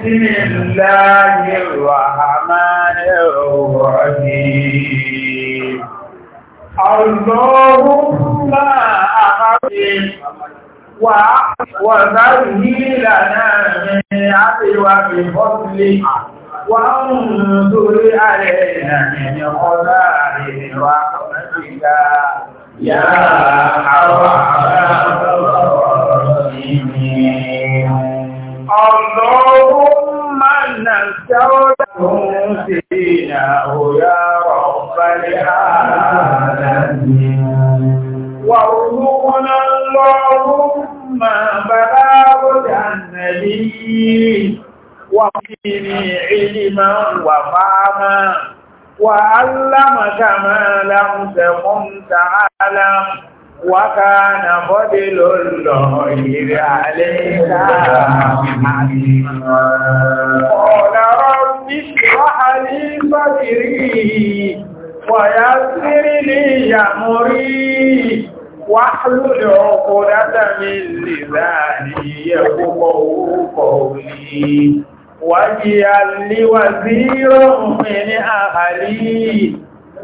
بسم الله الرحمن الرحيم اللهم أعطي وذره لنا من عدوك بفضلك وانظر علينا من خزائن رحمتك يا أرحم الراحمين اللهم نستودعهم دينه يا رب العالمين وارزقنا اللهم بلاغ النبي وقيني علما وفهما وعلم كما لم تكن تعلم وكان فضل الله عليك قال رب اشرح لي صدري ويسر لي امري واحلل عقدة من لساني يفقهوا قولي واجعل لي وزيرا من اهلي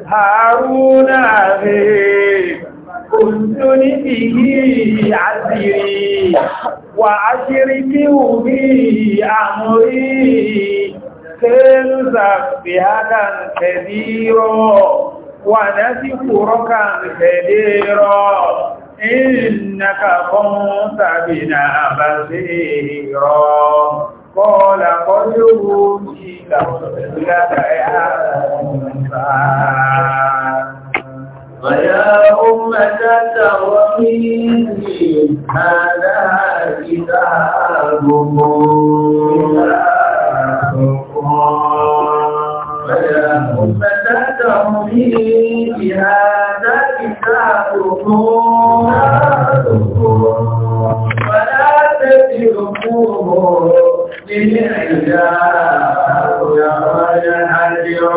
هارون اخي أسلني به عسيري وأشركه به أمري كي نسبحك كثيرا ونذكرك كثيرا إنك كنت بنا بصيرا قال قد أوتيت لك يا موسى ويا أمة ترميني هذا كتابكم ويا أمة ترميني هذا كتابكم ولا تتركوه للعجاب يا رجل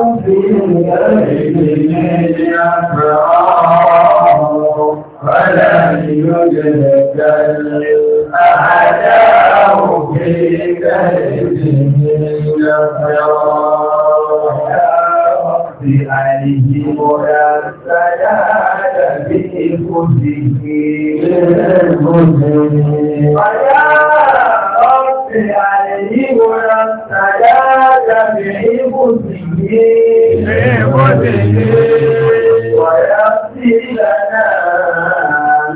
Ọ̀yá ọ̀pẹ̀ àìyíwòrán tàyá bẹ̀rẹ̀ bó ti yé. Bẹ̀rẹ̀ bó ti yé. Wàyà sí ìlànà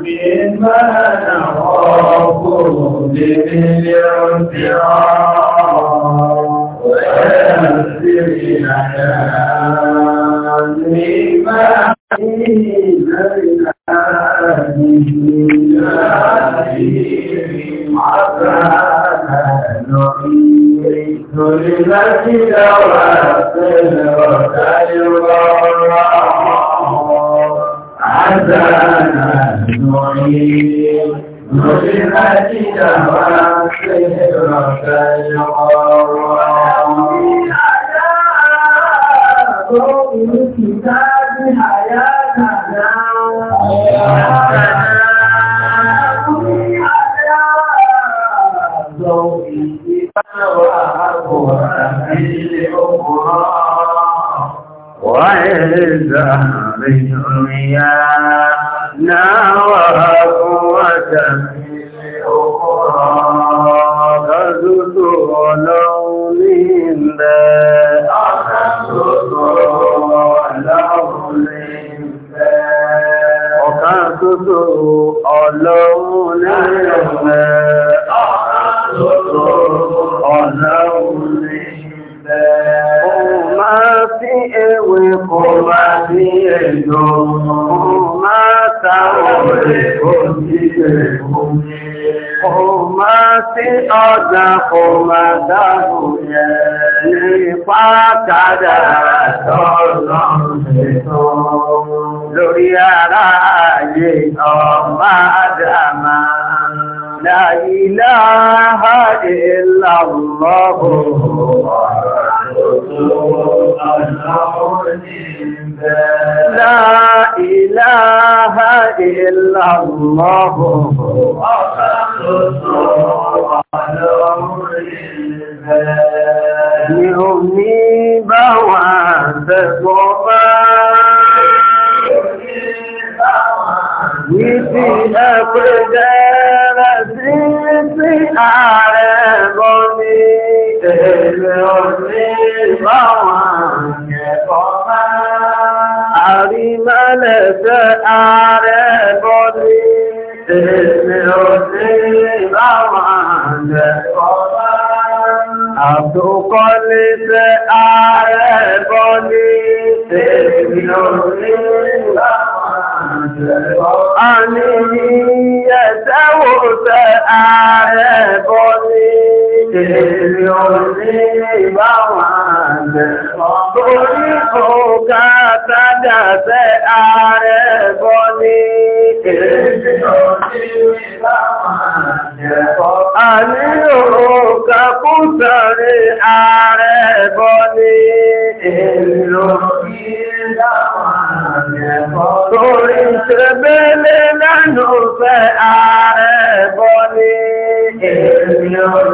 mi máa nà ọkọ̀ lèmi ní ọ̀sẹ̀ ọ̀. Wàyà sí ìlànà. kòmà dáàbò yẹ nípa kádà tọ́lọ́ ṣètò lórí ara ayé ọmọ àdàmà láìlá àdìlá lọ́wọ́ لا إله إلا Torí ṣe bẹ́lẹ̀ lánàá fẹ́ ààrẹ bọ́ ní èèyàn.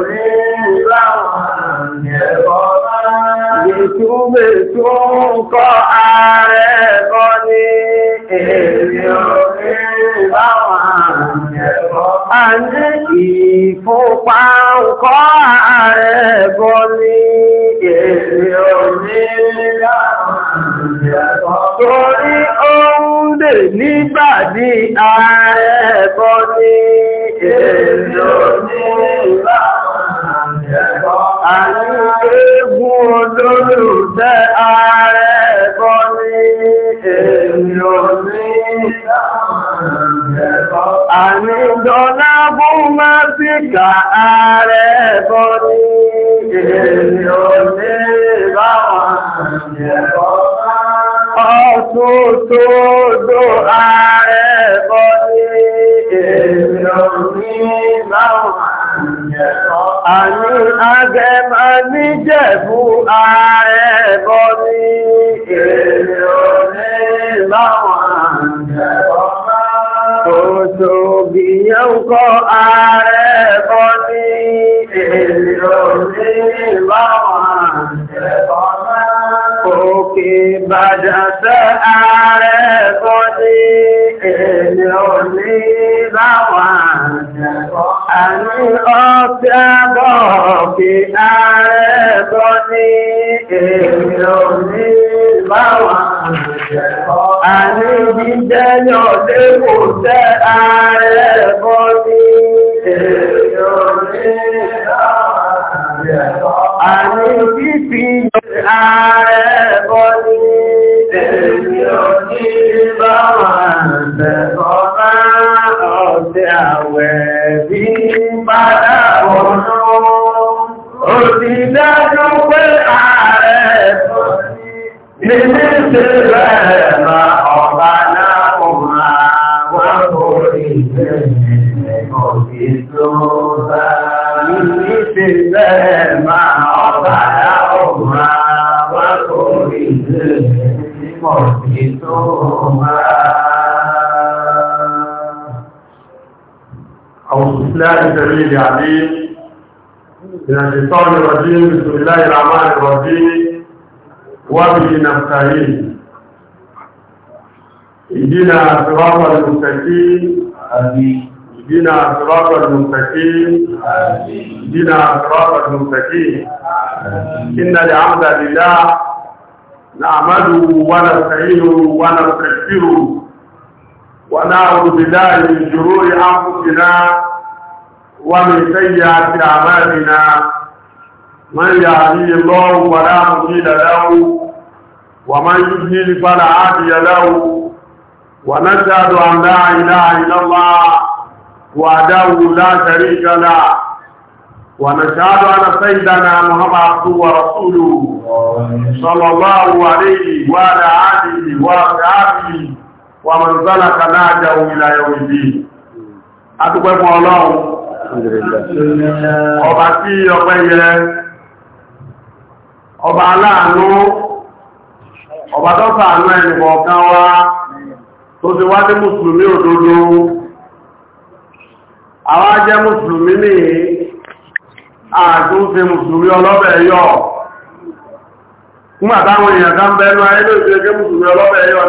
السميع العليم من الشيطان الرجيم بسم الله الرحمن الرحيم وبه نستعين اهدنا صراط المستقيم اهدنا صراط المستقيم اهدنا صراط المستقيم ان الحمد لله نعمده ونستعينه ونستغفره ونعوذ بالله من شرور انفسنا ومن سيئات أعمالنا من يهديه الله فلا مضل له ومن يضلل فلا هادي له ونشهد أن لا إله إلا الله وحده لا شريك له ونشهد أن سيدنا محمد عبده ورسوله صلى الله عليه وعلى آله وأصحابه ومن سلك نهجه إلى يوم الدين. أتقوا الله ọba tí ọpẹ́ yẹ ọba aláàánú ọba tó ṣàánú ẹnìkọ̀ọ̀kan wá tó ti wá ní mùsùlùmí òdodo àwa jẹ́ mùsùlùmí ní àtúnṣe mùsùlùmí ọlọ́bẹ̀ yọ fún àtàwọn èèyàn kan ayé ló mùsùlùmí ọlọ́bẹ̀ yọ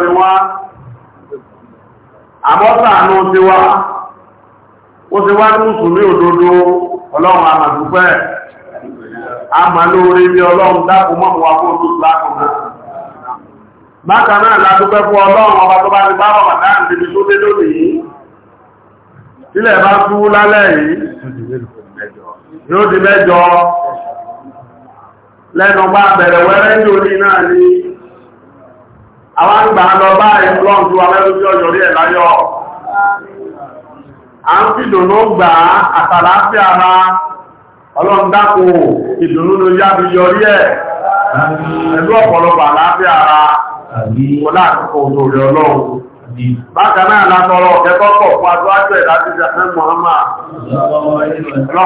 ó ti wá ní mùsùlùmí òdodo ọlọ́run àmàdúpẹ́ àmàlóore ní ọlọ́run dákò mọ́ wà fún oṣù lákòókò bákan náà ládúpẹ́ fún ọlọ́run ọba tó bá ti bá ọmọ náà níbi tó dé lónìí sílẹ̀ bá tú lálẹ́ yìí yóò di mẹ́jọ lẹ́nu bá bẹ̀rẹ̀ wẹ́rẹ́ ní orí náà ni àwọn àgbà lọ bá ìlú ọ̀tún alẹ́lú tí ọjọ́ rí ẹ̀ láyọ̀ a ń fi dùnú gbà á àtàlàáfíà ara ọlọ́run dákò ìdùnú ló yábi yọrí ẹ̀ ẹ̀lú ọ̀pọ̀lọpọ̀ àlàáfíà ara kò láàkókò olórí ọlọ́run bákan náà látọrọ ọ̀kẹ́kọ́ fún fẹ́ ọlọ́run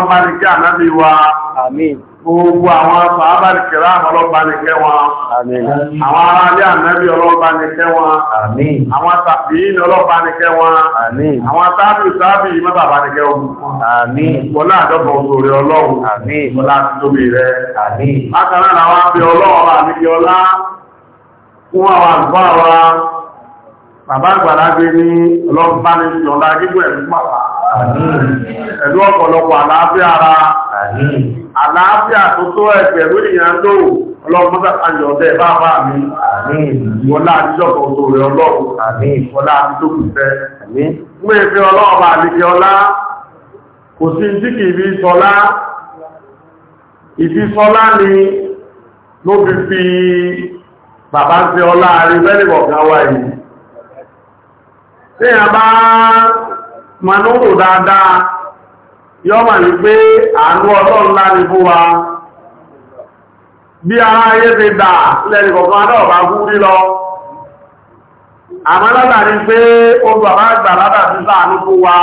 bá ní kí wa Gbogbo àwọn sàábà ní kẹrẹ àwọn ọlọ́ba ní kẹ́ wọn. Àwọn ará ilé ànábì ọlọ́ba ní kẹ́ wọn. Àwọn tàbíyìn ọlọ́ba ní kẹ́ wọn. Àwọn tábìlì tábìlì mọ́ bàbá ní kẹ́ wọn. Wọlé àdọ́gbọ̀n òṣèré ọlọ́run. Wọlé àti tóbi rẹ̀. Bákan náà làwọn abẹ ọlọ́run bá mi kí ọlá. Fún àwọn àlùfáà wa, bàbá àgbàlagbé ní ọlọ́ba ní ìjọba gígùn ẹ̀dú pàpà. Ẹ̀dú ọ̀pọ̀lọpọ̀ àlàáfíà ara àlàáfíà tó tó ẹgbẹ̀rún èèyàn lóòrùn ọlọ́run mọ́sá àjọ ọ̀dẹ́ bá bá mi wọlá àdíjọ́kọ̀ tó rẹ̀ ọlọ́run wọlá àdíjọ́kùnfẹ́ mú èfẹ́ ọlọ́run bá àdíjẹ́ ọlá kò sí tí kì í fi sọlá ìfi sọlá ni ló fi fi bàbá ń fi ọlá rí bẹ́ẹ̀lìbọ̀gá wa yìí yọ́ mà ní pé àánú ọlọ́run láti fún wa bí ara ayé ti dà lẹ́nì kọ̀kan náà bá kú rí lọ àmọ́ látà ní pé ó bàbá àgbà látà sí sáàánú fún wa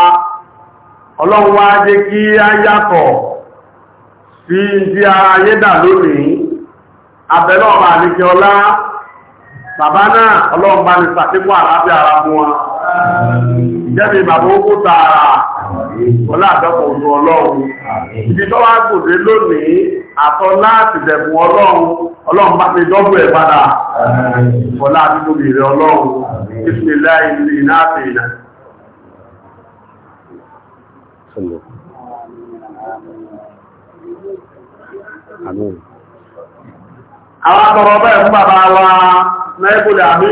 ọlọ́run wá jẹ́ kí á yàtọ̀ sí ti ara ayé dà lónìí abẹ́lọ́ọ̀bà àníkẹ́ ọlá bàbá náà ọlọ́run bá ní àlàáfíà ara fún wa jẹ́bi bàbá ó tààrà iji àdọ́kọ̀ ọlọ́run tó wá lónìí àtọ́ láti dẹ̀bù ọlọ́run ọlọ́run bá ti dọ́bù ẹ̀ padà wọlé àdúgbòbì rẹ̀ ọlọ́run ìfìlẹ̀ ilé ìnáàfẹ́ Àwọn akọ̀rọ̀ bẹ́ẹ̀ fún bàbá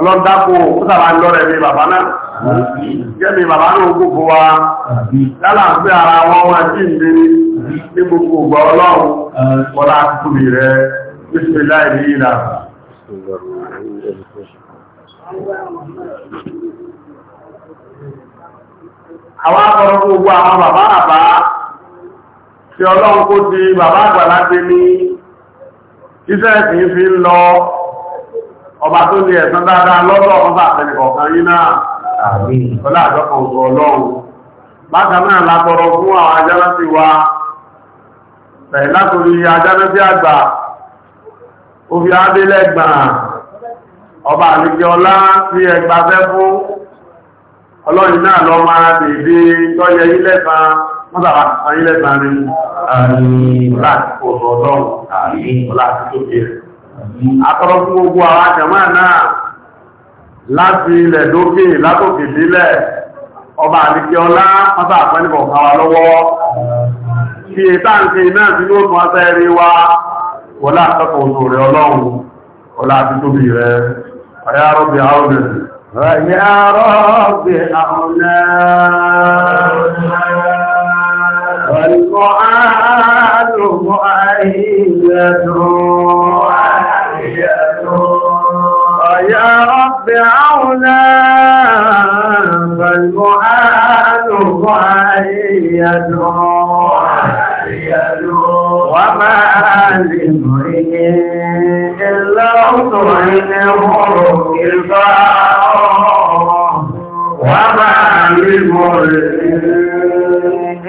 ọlọ́dápò pútàrà lọ́rẹ̀ mi bàbá náà jẹ́ mi bàbá náà gbogbo wa lálà pé ara wọn wọ́n tí ń lè ní gbogbo ọgbà ọlọ́run kọlá kúrì rẹ̀ pèsè láìrí ìlà àwọn akọrọ gbogbo àwọn bàbá bàbá tí ọlọ́run kó ti bàbá àgbàlá ti ní iṣẹ́ ìfín fi ọba tó lè ẹ̀sán dáadáa lọ́dọ̀ ọba àtẹnìkọ̀ọ̀kan yín náà ọlá ọlọ́run bákan náà látọrọ fún àwọn wa bẹ̀rẹ̀ látòrí ajánásí àgbà ọba àlejò ọlá ẹgbà fún náà lọ máa dèdè tọ́yẹ ni ọlá àti akọ́rọ́ fún gbogbo àwọn àjẹ̀mọ́ náà láti ilẹ̀ lókè látòkè lílẹ̀ ọba àdíkẹ́ ọlá ọba àpẹẹlẹ̀bọ̀ kàwà lọ́wọ́ kí ètà ń náà tí ó tún aṣẹ́ rí wá wọlá àtọ́kọ̀ òṣò rẹ̀ ọlọ́run ọlá àti tóbi rẹ̀ ọ̀yá rọ́bì àọ́nà ọ̀yá يا رب عونا فالمعان ضعي يدعو وما لمرئ إلا طعنه كفار وما لمرئ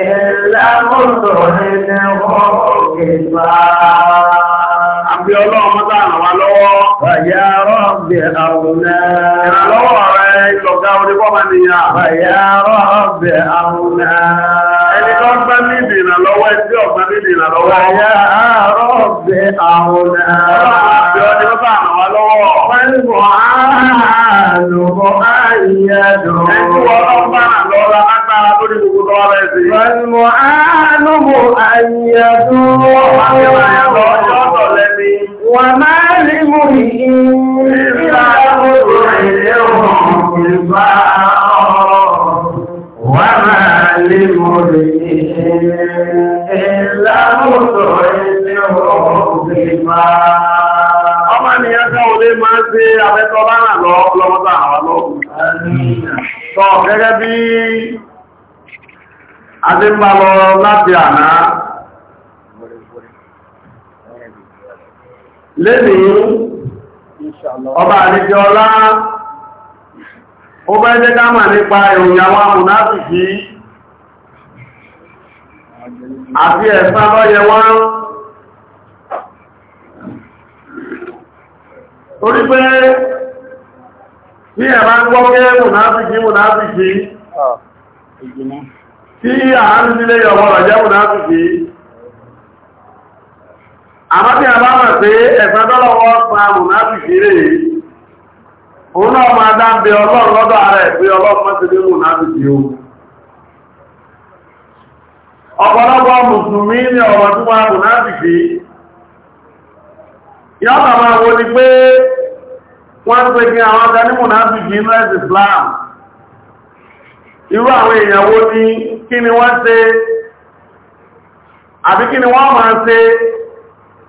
إلا طعنه كفار Àbí ọlọ́run mọ́ta àwọn lọ́wọ́. Bàyá رب أونا فيا رب أونا فيا رب أونا والقرآن مؤيد والمعان مؤيد wà máa lè mú ìrìnlá ọ̀rọ̀ ilé ọ̀rọ̀ ìbá wà máa lè mú ìrìnlá ọ̀rọ̀ ilé ọ̀rọ̀ ìbá. ọmọ nìyàn kan ò lè máa ṣe afẹ́tọ́ bá rà lọ lọ́wọ́ta àwọn lọ́wọ́ lẹ́nìí ọba àríjẹ ó bẹ́ jẹ́ dámà nípa ìròyìn àwọn amùnáfìkì àti ẹ̀sán lọ́yẹ wọ́n torí pé tí ẹ̀bá ń gbọ́ pé mùnáfìkì mùnáfìkì ah, tí àárín sílé ìyọ̀wọ̀ rẹ̀ jẹ́ àmọ́ tí a bá mọ̀ pé ẹ̀fẹ́ tọ́lọ́wọ́ pa mùnábì Onye òun náà máa dá ń bẹ ọlọ́run lọ́dọ̀ ara pé ọlọ́run mọ́ ti dé mùnábì fi o ọ̀pọ̀lọpọ̀ mùsùlùmí ọ̀rọ̀ tó wo ni pé wọ́n pè ní àwọn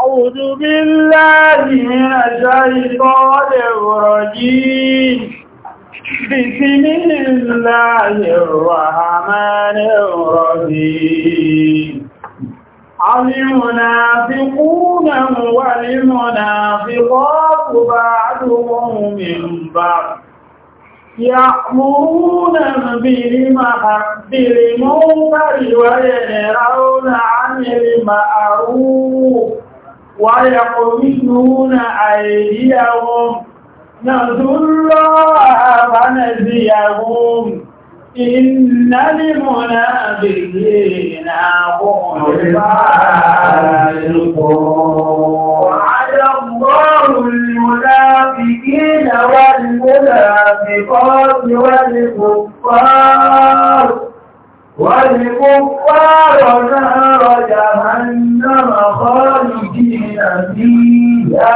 أعوذ بالله من الشيطان الرجيم بسم الله الرحمن الرحيم المنافقون والمنافقات بعضهم من بعض يأمرون بالمنكر وينهون عن المعروف ويقمشون أيديهم نذر فنزيهم إن المنافقين وعلى الله المنافقين والمنافقات والكفار والكفار نار جهنم خالدين فيها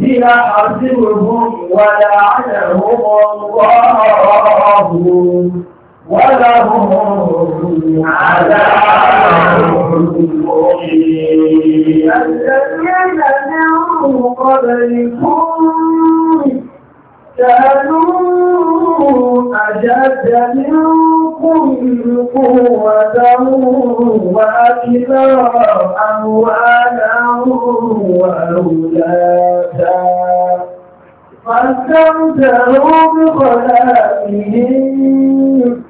هي حسبهم ولعنهم الله ولهم عذاب مقيم الذين من قبلكم كانوا أجد منهم منكم قوة وأكثر أموالا وأولادا فاستمتعوا بخلاقهم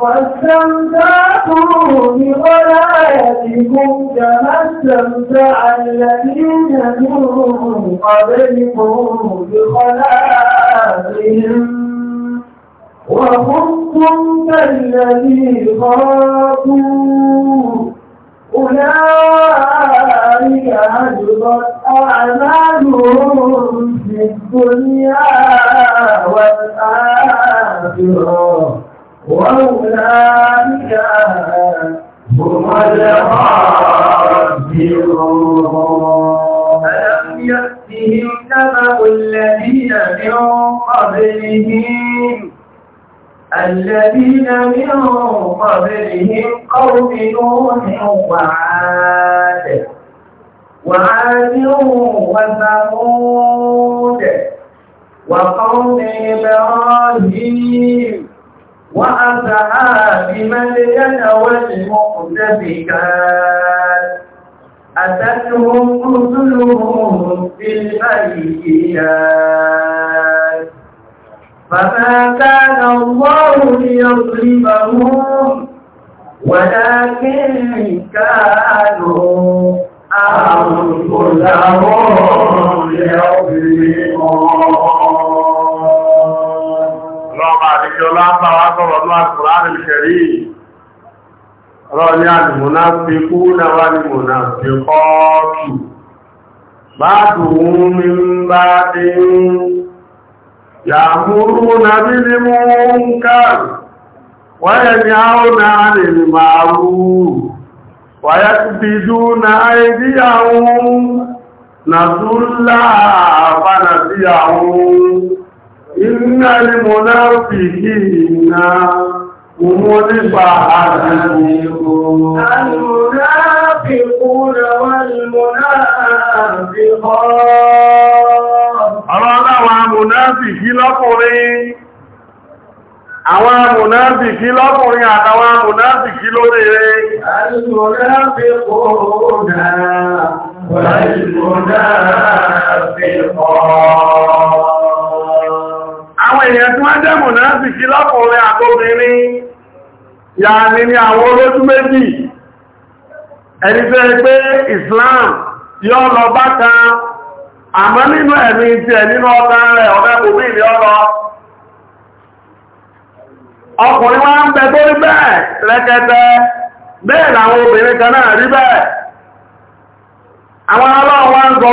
فاستمتعتم بغلايتكم كما استمتع الذين من قبلكم بخلاقهم وكنتم كالذي خرج المنافقون والمنافقات بعضهم من بعض يأمرون بالمنكر وينهون عن المعروف ويكبدون أيديهم نسوا الله فنسيهم إن المنافقين المنافقون والمنافقات àwọn àwọn amùnáfìkí lọ́kùnrin àwọn amùnáfìkí lọ́kùnrin àtàwọn amùnáfìkí lórí rẹ̀ المنافقون والمنافقات àwọn èèyàn tí wọ́n jẹ́ mùnáfìkí lọ́kùnrin àtòbìnrin ìyá ni ní àwọn olójú méjì ẹni tó yẹ pé Islam yọ lọ bá kan àmọ́ nínú ẹ̀mí tiẹ̀ nínú ọkàn rẹ̀ ọ̀rẹ́ ìlú ọlọ ọkùnrin wá ń bẹ tó rí bẹ́ẹ̀ rẹ́kẹtẹ bẹ́ẹ̀ làwọn obìnrin kan náà rí bẹ́ẹ̀ àwọn aláwọ̀ wá ń sọ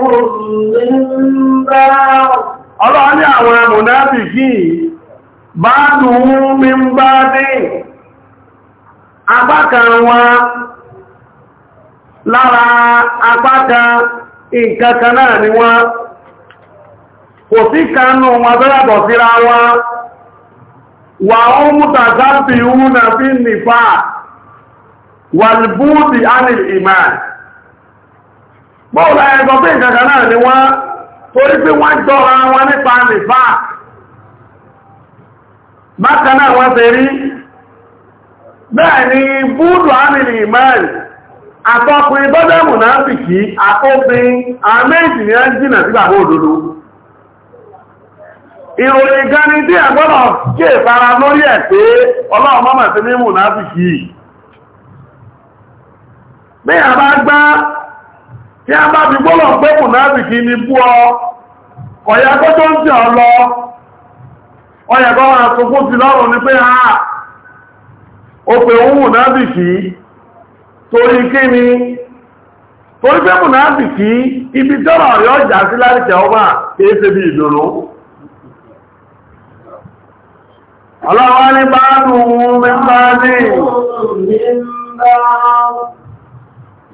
fún ọlọ́wọ́ ní àwọn mùnáfìkì bá dùn mí ń bá dé apákan wọn lára apákan ìkankan náà ni wọ́n kò sí kanú wọn tó yàtọ̀ síra wọn wà ó múta sáàpì ìhú na fi nìfà wàlbúùdì ánìl ìmá bóòlá ẹgbọ́ pé ìkankan náà ni wọ́n torí pé wọ́n jọra wọn nípa nìfà bákan náà wọ́n fẹ́ rí bẹ́ẹ̀ ni búùdù àmìlì ìmẹ́rì àtọkùnrin bọ́dẹ̀mù náà fi kí àkóbin àmẹ́jì ní ẹ́jìnà sí bàbá òdodo ìròyìn gani dí ẹ̀gbọ́nà kí ìfara lórí ẹ̀ pé ọlọ́run mọ́mọ̀ sí mímù náà fi tí a bá fi gbọ́lọ̀ pé ní bú ọ ọ̀yà tó ń tì ọ lọ ọ̀yà kó wọn ha ó pè ń mùnábìkì torí kí ni torí ibi tọ́rọ̀ ọ̀yọ́ ìjà sí láìkẹ́ ọba kìí ṣe bí ìdòrò ọlọ́wọ́ ní bá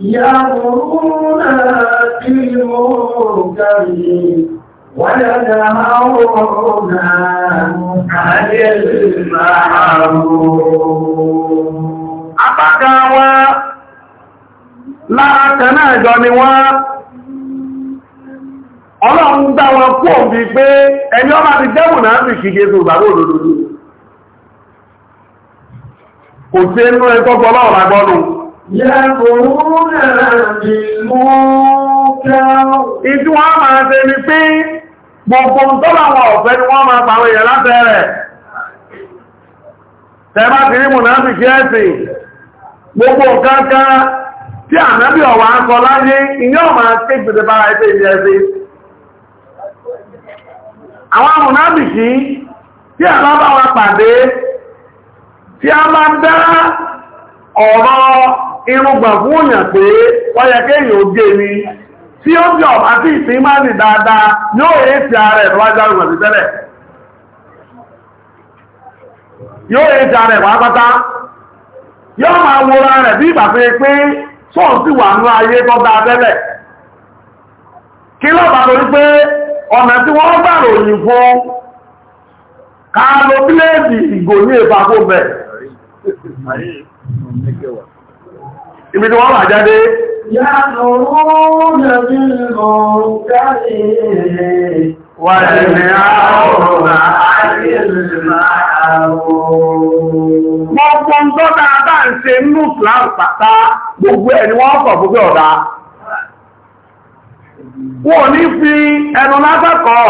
يأمرون بالمنكر وينهون عن المعروف Apákan wọn lára kan náà jọ ni wọ́n, ọlọ́run gbá wọn kú òbí pé ẹni ọmọ ti náà òdòdó. Kò tí ẹnu ọlọ́run Yàkùnrúnà bí mú kẹ́rù. Ìjú wọ́n máa ṣe ni pé gbogbo tó láwọn ọ̀fẹ́ ni wọ́n máa pàwọn èèyàn látẹ̀ẹ̀rẹ̀. ti rí Mùnáfi kí ẹ́sìn, gbogbo kankan tí ànábì ọ̀wà ń sọ láyé, ìyọ́ máa ké gbèdè bára ẹgbẹ́ ilẹ̀ ẹ̀sìn. Àwọn Mùnáfi tí àbá bá wa pàdé, tí a máa dá ọ̀rọ̀ irúgbà fún òyàn pé wáyẹ kéèyàn ó gé ni tí ó jọ àti ìsìn máa nì dáadáa yóò èé ti ara ẹ̀ lọ́wọ́ járù tẹ́lẹ̀ yóò èé ti ara ẹ̀ pàápátá yóò máa wọra rẹ̀ bí ìgbà pé pé wà ní ayé tó dáa tẹ́lẹ̀ kí pé ọ̀nà tí wọ́n gbà ròyìn fún ká lo bíléèdì ìgò ibi tí wọ́n wà jáde Wà ní àwọn àti ìrìnà àwọn gbogbo ń tọ́ta bá ń ṣe nínú islam pàtà gbogbo ẹ̀ ni wọ́n kọ̀ gbogbo ọ̀dá wọ́n ní fi ẹnu lásàkọ̀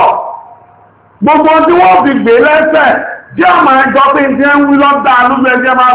gbogbo tí wọ́n fi gbé lẹ́sẹ̀ tí ọmọ ẹjọ́ pé ń jẹ́ ń wí lọ́dà lúgbẹ́ jẹ́ máa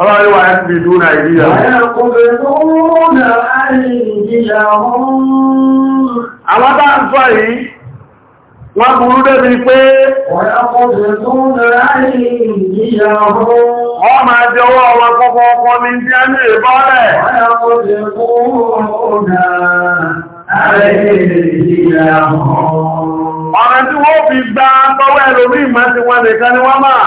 Ọlọ́run wà ní ìlú Nàìjíríà. Àwọn bá ń sọ yìí, wọ́n burú débi pé wọ́n máa jẹ ọwọ́ ọwọ́ kọ́kọ́ ọkọ́ ní tí a ní ìbọ́lẹ̀. Ọ̀rẹ́ tí wọ́n fi gba tọ́wọ́ ẹlòmí ìmọ̀ tí wọ́n lè kan ni wọ́n máa.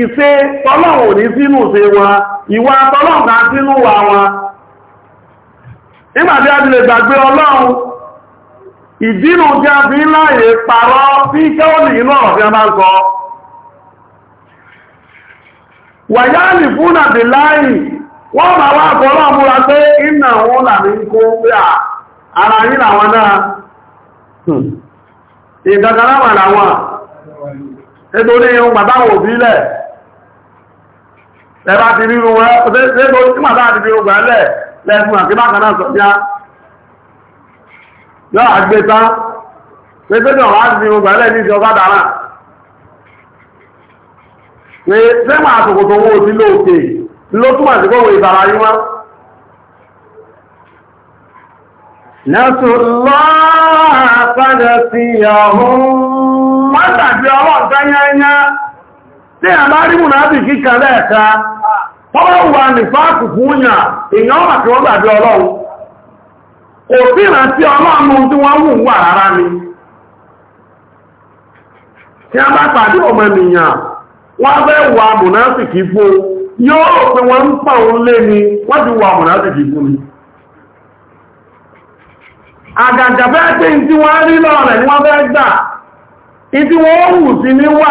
Ise tọ́lọ́run ò ní sínú ṣe wọn ìwà tọ́lọ́run sínú wà wọn nígbàtí a ti lè gbàgbé ọlọ́run ìdínú tí a fi láàyè pàrọ̀ sí kẹ́ọ̀lì inú ọ̀rọ̀ tí a máa ń sọ wàyáàlì fún àbì láì wọ́n ma wá fọ́lọ́ múra pé iná wọn làmí kó pé ara yìí làwọn náà ìgbàgbà láwọn àwọn nítorí ohun bàbá wò lẹ́bá ti rí irun rẹ̀ lẹ́gbẹ́ onímọ̀tá àti irun gbà lẹ̀ lẹ́fún àti bákan náà sọ bíá yọ́ àgbẹ́ta pẹ́sẹ́dọ̀ wá ti irun gbà lẹ̀ ní ìṣọ́ bádàrà pé sẹ́mà àtòkòtò owó sí lóòkè ló túmọ̀ sí ní àbárí mú náà bí kíkà lẹ́ẹ̀ká tọ́wọ́ wà ní èyàn kí wọ́n gbàgbé ọlọ́run kò sí ni tí a bá pàdé ọmọ ènìyàn wọ́n fẹ́ wà mùnáfìkì fún yóò ń pà lé ni wọ́n ti wà mùnáfìkì fún ni àgàgà fẹ́ tí wọ́n rí lọ́rẹ̀ ni wọ́n fẹ́ gbà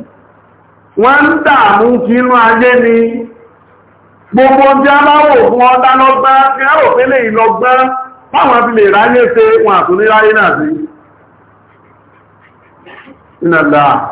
wọ́n ń dààmú kí inú ayé ni gbogbo tí a fún ọdá lọ́gbá tí a rò pé fi lè ráyé ṣe wọn àtún ní ráyé náà sí ìnàdà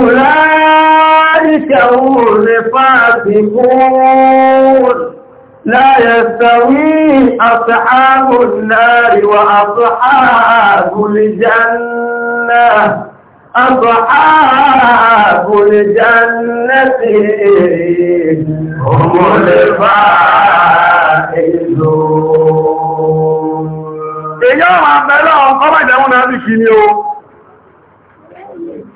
أولئك هم الفاسقون لا يستوي أصحاب النار وأصحاب الجنة أصحاب الجنة هم الفائزون. Èyí ọmọ abẹ́lẹ́ ọkọ́ bàjẹ́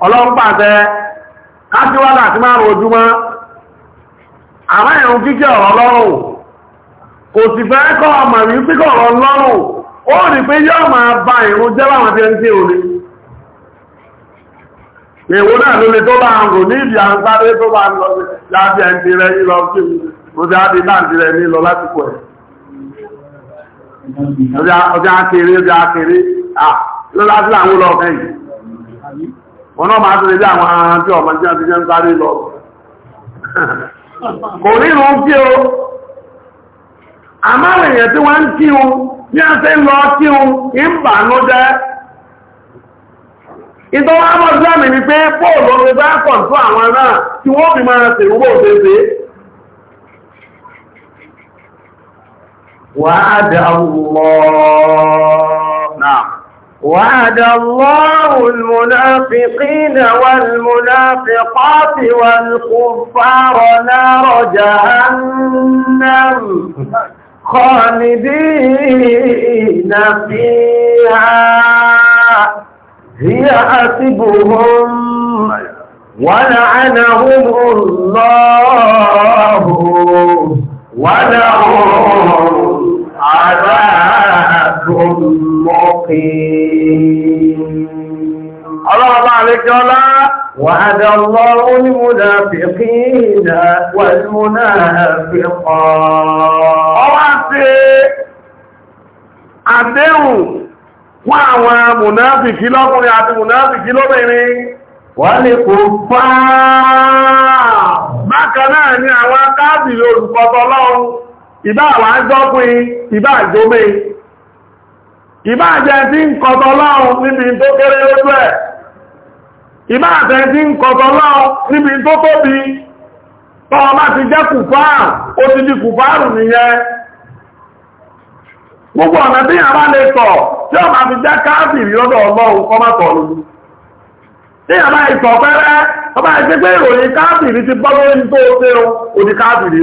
ọlọ́pàá káṣíwádà tí márùn rojúmọ́ àmá ìrùn kíkẹ́ ọ̀rọ̀ lọ́rùn kò sì fẹ́ kọ́ ọmọ píkọ̀ ọ̀rọ̀ lọ́rùn ó rí pé yọ́ ma ba ìrùn jẹ́ láwọn tí ń tí ò náà ló lè tó bá ń rò ní ìdí tó bá ń lọ sí wọn náà máa tẹ́lẹ̀ bí àwọn aràn ọmọ jẹ́ ń sáré lọ kò nínú kí o àmáwọn èèyàn tí wọ́n ń kí o bí a lọ kí o ń bà ń jẹ́ ìtọ́wọ́ amọ́sílámì ni pé pọ́ọ̀lù ọmọ bá pọ̀ àwọn náà tí wọ́n fi máa وعد الله المنافقين والمنافقات والكفار نار جهنم خالدين فيها هي حسبهم ولعنهم الله ولهم عذاب مقيم اللهم عليك ولا وعد الله المنافقين والمنافقات أواسي أدعو fún àwọn mùnáfìkì lọ́kùnrin àti mùnáfìkì lóbìnrin wọ́n lè kò fáà bákan náà ni àwọn káàbì olùkọ́tọ̀ lọ́run ìbá àwọn ìbá àjọ́mẹ́ Ime tí ń kọ̀tọ̀ láhùn níbi tó kéré lójú ẹ̀ ìbáàjẹ́ tí ń kọ̀tọ̀ láhùn níbi tó tóbi tọ́wọ́ bá ti jẹ́ kùfáàrù ó ti di nìyẹn gbogbo ọ̀nà tí yàrá lè tọ̀ tí ó máa fi jẹ́ káàbìrì lọ́dọ̀ ọlọ́run kọ́ máa tọ̀lú tí yàrá ìtọ̀ fẹ́rẹ́ ọba ìgbégbé ìròyìn káàbìrì ti bọ́ lórí tó ṣe òdì káàbìrì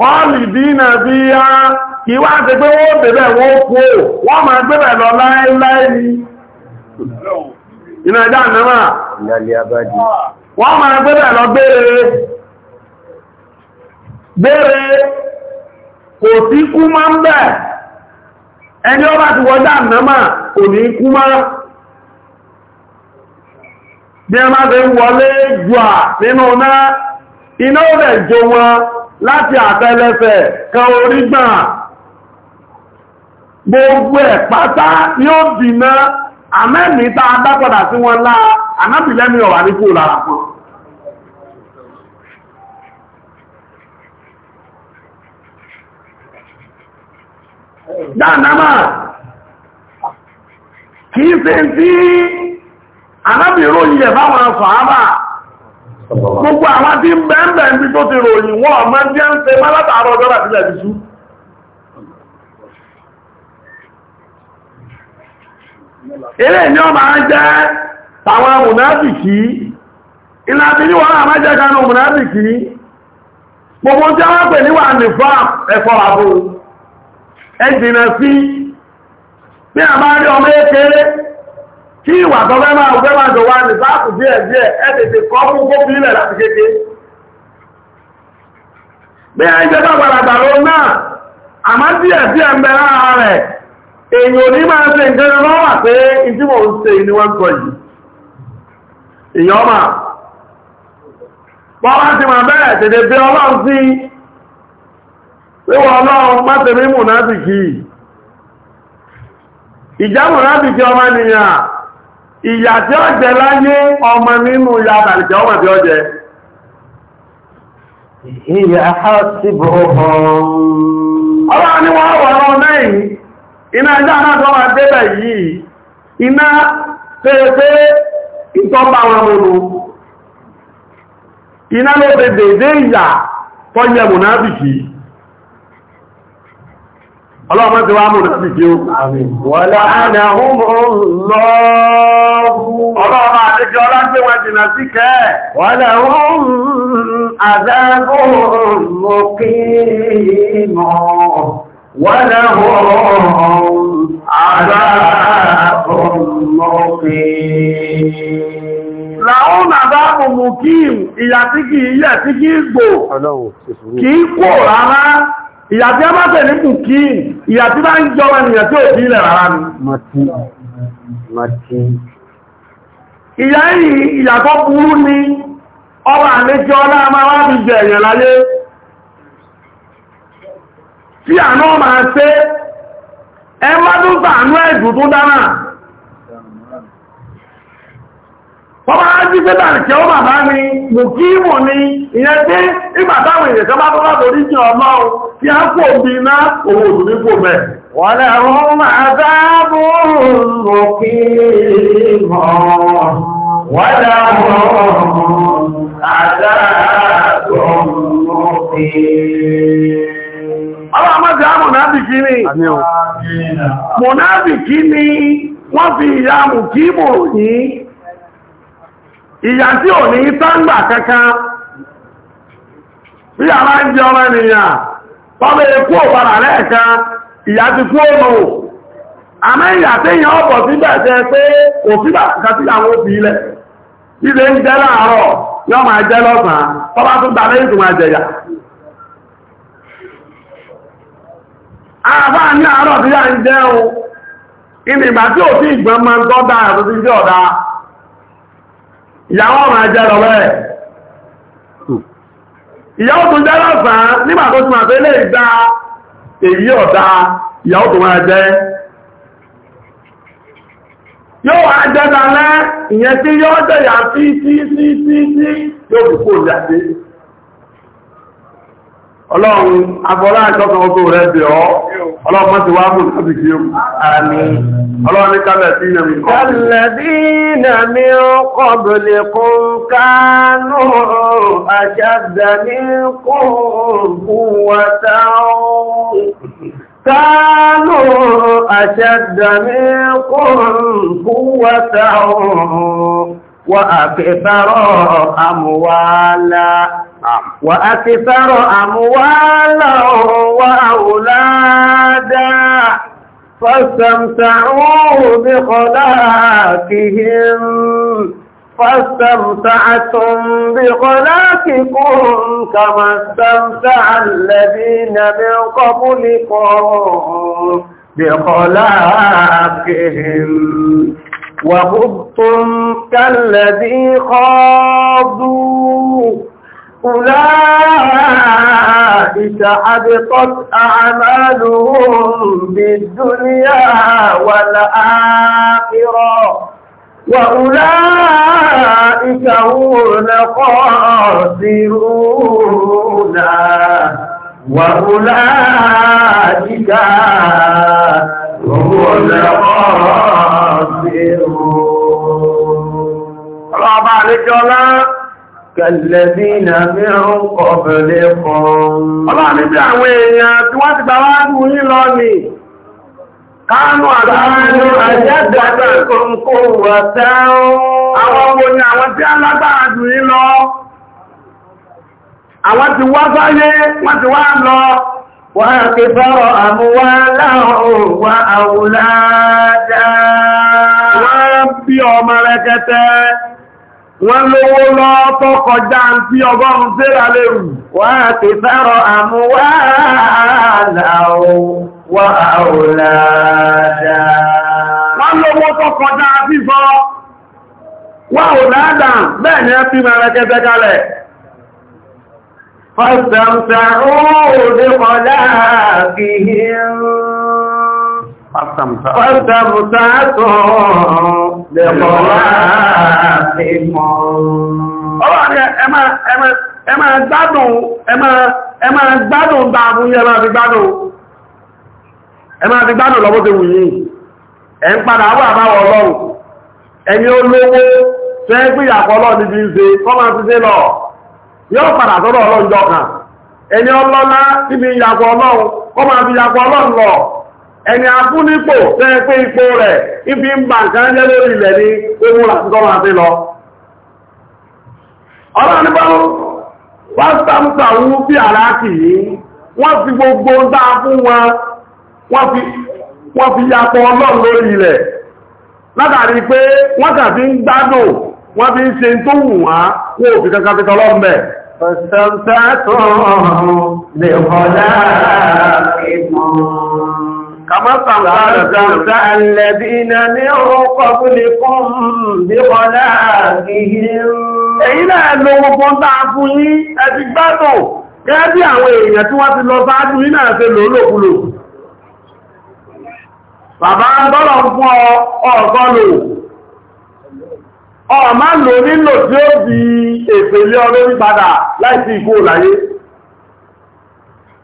kọ́lìdínà bí yá kí wá ti pé wọ́n bèbẹ̀ wọ́n kú ò wọ́n ma gbẹ̀bẹ̀ lọ láíláí iná ẹjá nẹ́mà wọ́n ma gbẹ̀bẹ̀ lọ gbére gbére kò sí kú má ń bẹ̀ ẹni ti wọ́já nẹ́mà kò ní kú má bí ẹ má fi wọlé jùà nínú náà iná ó rẹ̀ jọ wọn láti àtẹ́lẹsẹ̀ kan orígbà gbogbo ẹ̀ pátá ni ó dìna àmẹ́mí tá a dápadà sí wọn lá ànábìlẹ́mí ọ̀wà ní kú lára fún dáadáma kìí ṣe tí ànábìrò yẹ̀ fáwọn sọ̀hábà Gbogbo àwọn tí ń bẹ̀ẹ̀bẹ̀ ń bí tó ti ròyìn wọn ọmọ jẹ́ ń ṣe málátàárọ̀ ọjọ́ àti ilẹ̀ Ilé ìní ọmọ jẹ́ tàwọn mùnáfìkì, ilá ti ní wọ́n àmá jẹ́ kanú gbogbo tí wọ́n pè níwà nìfà ẹ̀fọ́ àbò, ẹ̀jìnà sí, àmá rí kí ìwà tọ́fẹ́ máa ọgbẹ́ máa jọ wá ní sáàkù kọ́ fún kó fi ilẹ̀ láti kéèké bí ló náà rẹ̀ èyàn ní máa ṣe nǹkan lọ́wà pé ìdí mò ń ṣe ni wọ́n sọ yìí èyàn mà bọ́ bá ti máa bẹ́ẹ̀ tètè bí ọlọ́run sí pé ọlọ́run má mù náà ìyà tí ó jẹ láyé ọmọ nínú ìyà àtàlìkẹ́ ọmọ tí ó jẹ ìyà àṣìbò ọ̀rọ̀ ni wọ́n wọ́n náà iná ẹjọ́ náà tó débẹ̀ yìí iná pẹ́ẹ̀pẹ́ ìtọ́pa wọn mọ́nu iná ló bèbè dé ìyà tọ́yẹ mùnábìkì ọlọ́run mọ́ ti wá múrù sí kí ó wọ́lá àdá ọmọ lọ́ọ̀bù ọlọ́run àdéjọ́ láti wọ́n jìnà sí kẹ́ wọ́lá àdágún mọ́kímọ̀ wọ́lá àdágún mọ́kímọ̀ Láwọn nàbá mọ̀mù kí ìyà tí kìí yẹ̀ tí kìí gbò, kìí kò rárá, ìyà tí a máa tẹ̀ ní kù kí ìyà tí bá ń jọba ènìyàn tí ò sí ilẹ̀ rárá ni ìyà yìí ìyà tó burú ni ọba àlejò ọlá máa wá fi jẹ èèyàn láyé tí àná máa ṣe ẹ má tún tàánú ẹ̀dùn tó dára bọ́bá jíṣẹ́ dàrí kí ó bà bá ní mùkíìmù ní ìyẹn tí ìgbà táwọn èèyàn kan bá tó bá torí jìn ọlọ́run tí a kò bí iná owó òdù ní kò mẹ́. wọ́n lè rún máa dáàbò mùkíìmù wọ́n lè rún àdáàbò mùkíìmù. ọlọ́run máa jẹ́ àmùnábìkí ni mùnábìkí ni wọ́n fi ìyá mùkíìmù yìí ìyà tí ò ní sáńgbà kankan bí àbá ń jẹ ọmọ ènìyàn tọ́bẹ̀ ikú òpàdà lẹ́ẹ̀kan ìyà ti kú òmò àmọ́ ìyà tí ìyàn ọ̀pọ̀ síbẹ̀ jẹ pé òfíbà kàtí àwọn òbí ilẹ̀ ilé ń jẹ́ láàárọ̀ yọ́ máa jẹ́ lọ́sàn tọ́bá tún àbá ní àárọ̀ tí yà ń ìnìgbà tí òfin ìyàwó máa jẹ́ lọ bẹ́ẹ̀ ìyàwó tó jẹ́ lọ́sàn-án nígbà tó ti máa fẹ́ lè dá èyí ọ̀dá ìyàwó tó máa jẹ́ yóò wá jẹ́ lálẹ́ ìyẹn tí yóò jẹ́ yà sí sí sí sí yóò fi kó ìyàtí ọlọ́run agbọ́lá ìtọ́kọ̀ ọgbọ̀ rẹ̀ bẹ̀ ọ́ ọlọ́pọ̀ ti wá mú láti kí o ọlọ́run ní kálẹ̀bí ìnàmì kọ́ kálẹ̀bí ìnàmì kọ́bùlẹ̀ kún kánú àṣàdàmí kún wata كانوا أشد منكم قوة وأكثر نعم. وأكثر أموالا وأولادا فاستمتعوا بخلاقهم فاستمتعتم بخلاقكم كما استمتع الذين من قبلكم بخلاقهم وخضتم كالذي خاضوا أولئك حبطت أعمالهم في الدنيا والآخرة وأولئك هم الخاسرون وأولئك هم الخاسرون رب عليك الله Kẹ̀lẹ̀bínà mìíràn kọ̀bẹ̀lẹ̀ kan. Ọlọ́run níbi àwọn èèyàn tí wọ́n ti gbàwá ni. Kánú Àwọn àwọn Àwọn ti wá wọ́n lówó lọ tó kọjá ń tí ọgọ́rùn rà lérù wà ti fẹ́rọ àmúwà àdáwò wà àwòlàdà wọ́n lówó tó kọjá fífọ́ Fọ́tàbùtàtò lè bọ̀ wá sí mọ́. Ọlọ́rẹ̀ ẹ ẹ Ẹ lọ́wọ́ ti wù yìí. Ẹ padà wà báwọ̀ ọlọ́run. Ẹni ó tẹ́ gbìyàkọ́ ti lọ. Yóò padà ọlọ́run jọ Ẹni ọlọ́lá ọlọ́run, ọlọ́run lọ. ẹni agún nípò tẹ́ pé ipò rẹ̀ ibi ń bà nǹkan jẹ́ lórí ilẹ̀ ní ogun làtúkọ́ máa fi lọ ọlọ́nibọ́n wọ́n sàmùsà wú wọ́n fi gbogbo dáa fún wọn wọ́n fi yapọ̀ ọlọ́run lórí ilẹ̀ látàrí pé wọ́n kà fi ń gbádùn wọ́n fi ń ṣe tó wù wọ́n òfin كما استمتع الذين من قبلكم بغلاهم èyí náà lo gbogbo ń dáa fún yí ẹti gbádùn gẹ́gẹ́ bí àwọn èèyàn tí wọ́n ti lọ sáájú yí náà ṣe lò lòkulò bàbá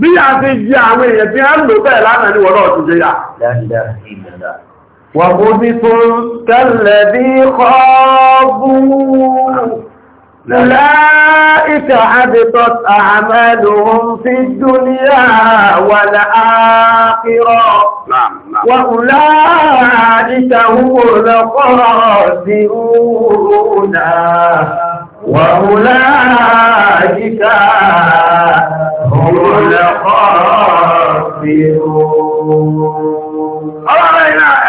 bí a ti yí àwọn èèyàn tí a ń lò bẹ́ẹ̀ lánàá ní wọ́n náà ti jẹ́ yà. wọ́n mú bí tó ń tẹ́lẹ̀ bí kọ́ọ̀bù láìka àbìtọ̀ àmàlùm fi dúníà wà láàkírọ̀ wà láìka hùwò lọ́kọ̀ọ́ sí òun náà. وأولئك هم الخاسرون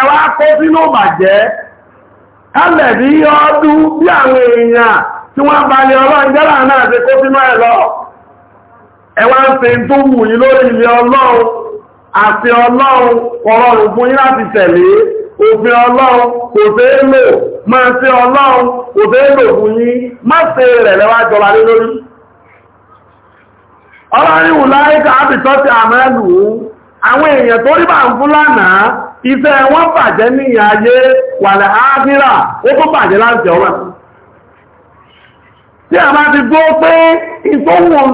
ẹwà kó sínú bàjẹ́ kálẹ̀ bí ọdún bí àwọn èèyàn tí wọ́n bá lè ọlọ́run jẹ́là náà ti kó sínú ẹ̀ ẹwà ń fi tó wù yí lórí ilẹ̀ ọlọ́run àti ọlọ́run láti tẹ̀lé òfin ọlọ́run kò fẹ́ lò máa ṣe ọlọ́run kò fẹ́ lò fún yín má ṣe rẹ̀ lẹ́wà jọba lé lórí ọlọ́rìnwò àwọn èèyàn wọn bàjẹ́ ní ayé wà ó tó bàjẹ́ láti tí a ti pé ìtòhùn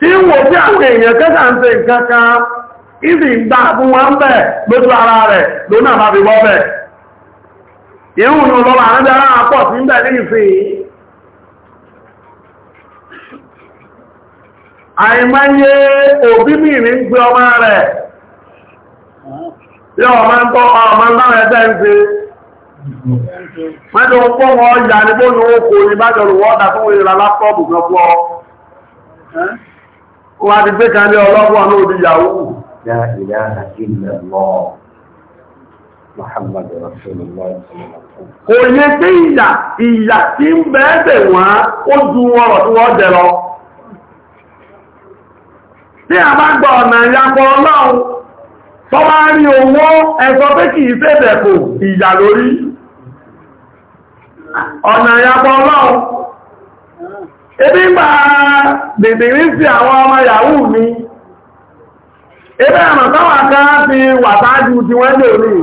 tí wò tí àwọn èèyàn kẹta ń ṣe nǹkan kan ìsì ń gbà fún wọn ń bẹ̀ ara rẹ̀ lónà bá fi bọ́ bẹ̀ ìhùn ní ọlọ́wà àrẹ́bẹ̀ ara pọ̀ sí ń bẹ̀ ní ìsìn àìmáyé òbí mi ní gbé ọmọ rẹ̀ yọ ọmọ ń tọ́ ọmọ ń ń mẹ́jọ kò ní bá jọ fún ìrìnlá gan fún ọ wadde á ti gbé kan ní ọlọ́pàá náà yahoo. ya ilaha illallah muhammadu rasulullah kò yẹ pé ìyà ìyà tí ń bẹ́ẹ̀bẹ̀ wọ́n ó ju ọ̀rọ̀ tí wọ́n jẹ lọ tí a bá ọ̀nà ìyàpọ̀ ọlọ́run tó bá rí owó ẹ̀sọ́ pé kì lórí ọ̀nà ìyàpọ̀ ọlọ́run ebí ń bìbìrì sí àwọn ọmọ yahoo mi, ebe àmà táwà ká ti wà sáájú tí wọ́n lè rí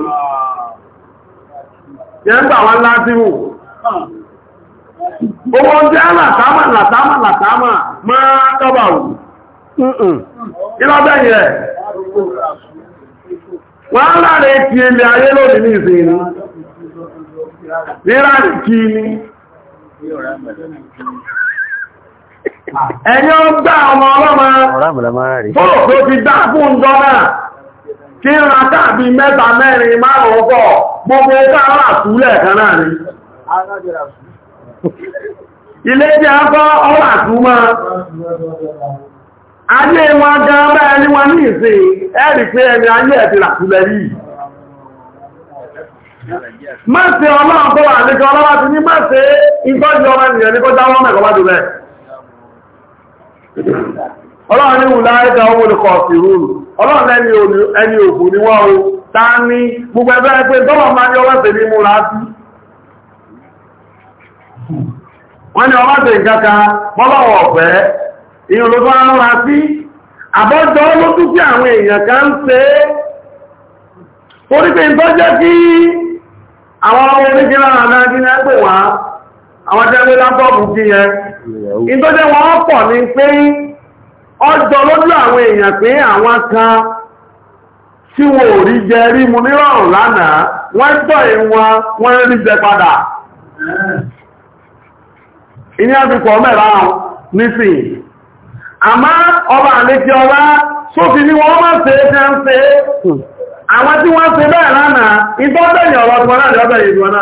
yẹn gbà wọ́n láti wù owó jẹ́ làtámà làtámà làtámà máa kọ́bà wù ìlọ́bẹ̀ yẹ wọ́n láre ti ilẹ̀ ayé lónìí ní ìsìn ní rírà kí ni ẹni ó gbá ọmọ ọlọ́mọ fóòrò tó ti dá fún ǹjọ́ náà kí ń ra káàbí mẹ́ta mẹ́rin márùn-ún gbogbo káàrà túlẹ̀ kan náà ni ilé jẹ́ ọkọ̀ ayé wọn gan ní ìsìn ẹ̀rì pé ẹni ayé ẹ̀tì làtúlẹ̀ yìí wà ní ti ọlọ́run ní wùlá ẹ̀dà owó olùkọ́ ìrúurù ọlọ́run ẹni òkú ni wọ́n o ta ní gbogbo ẹgbẹ́ pé dọ́lọ̀ máa ní ọlọ́sẹ̀ ní múra sí wọ́n ni ọlọ́sẹ̀ ìkaka bọ́lọ̀wọ̀ ọ̀fẹ́ ìyàn àwọn tẹ́ ń lábọ́ọ̀bù kí yẹn ìtọ́jẹ́ wọn pọ̀ ní pé ọjọ́ lójú àwọn èèyàn pé àwọn kan tí wọn rí jẹ rí mu nírọ̀rùn lánàá wọ́n tọ́ ìwọn wọ́n rí jẹ padà ìní àfikọ̀ mẹ́ra nísìn àmá ọba sófin ni wọ́n máa ṣe hmm. àwọn tí wọ́n bẹ́ẹ̀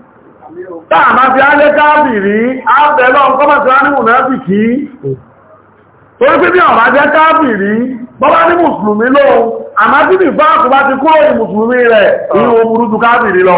táà máa fi ájẹ́ káàbìrí ábẹ̀lọ́ kọ́mọ̀síwá ní mùnáfìkì torí pé bí ọ̀rọ̀ ajẹ́ káàbìrí bọ́bá ní mùsùlùmí lóhun àmájúbì fáàkù bá ti kúrò ní mùsùlùmí rẹ̀ inú oburú ju káàbìrí lọ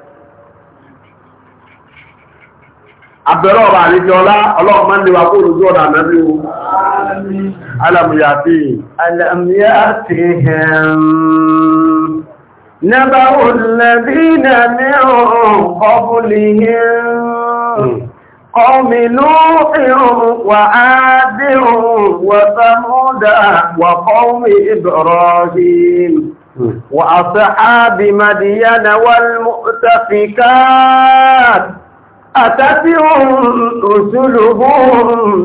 abẹ́rẹ́ ọ̀rọ̀ àríjọ ọlá ọlọ́run máa ń lè wà kó olójú ọ̀dà náàbí o alàmìyàtì alàmìyàtì hẹ̀m nẹ́bà olùlẹ́bí ìdàmí ọ̀rùn ọ̀bùnlé hẹ̀m قومنوا وعاد وثمود وقوم إبراهيم وأصحاب مدين àtàbí ohun òṣùlùbù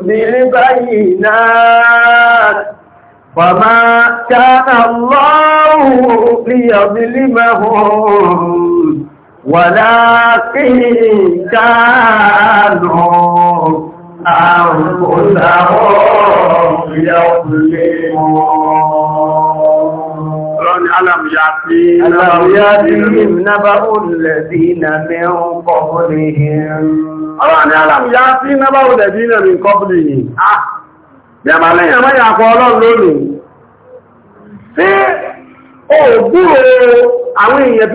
bílé báyìí náà wàmá káàkà lọ́wọ́ líyàbí límẹ̀hùn wà láàkí káàlù àwọn òṣàwọ̀ ọlọ́ni alàmìyà tí alàmìyà tí nàbà olùlẹ̀bí nà mẹ́rún kọ́bùnì ọlọ́ni alàmìyà si nàbà olùlẹ̀bí nà mẹ́rún kọ́bùnì yàmà lẹ́yìn àmọ́ ya ọlọ́run lónìí tí ó gbúrò àwọn èèyàn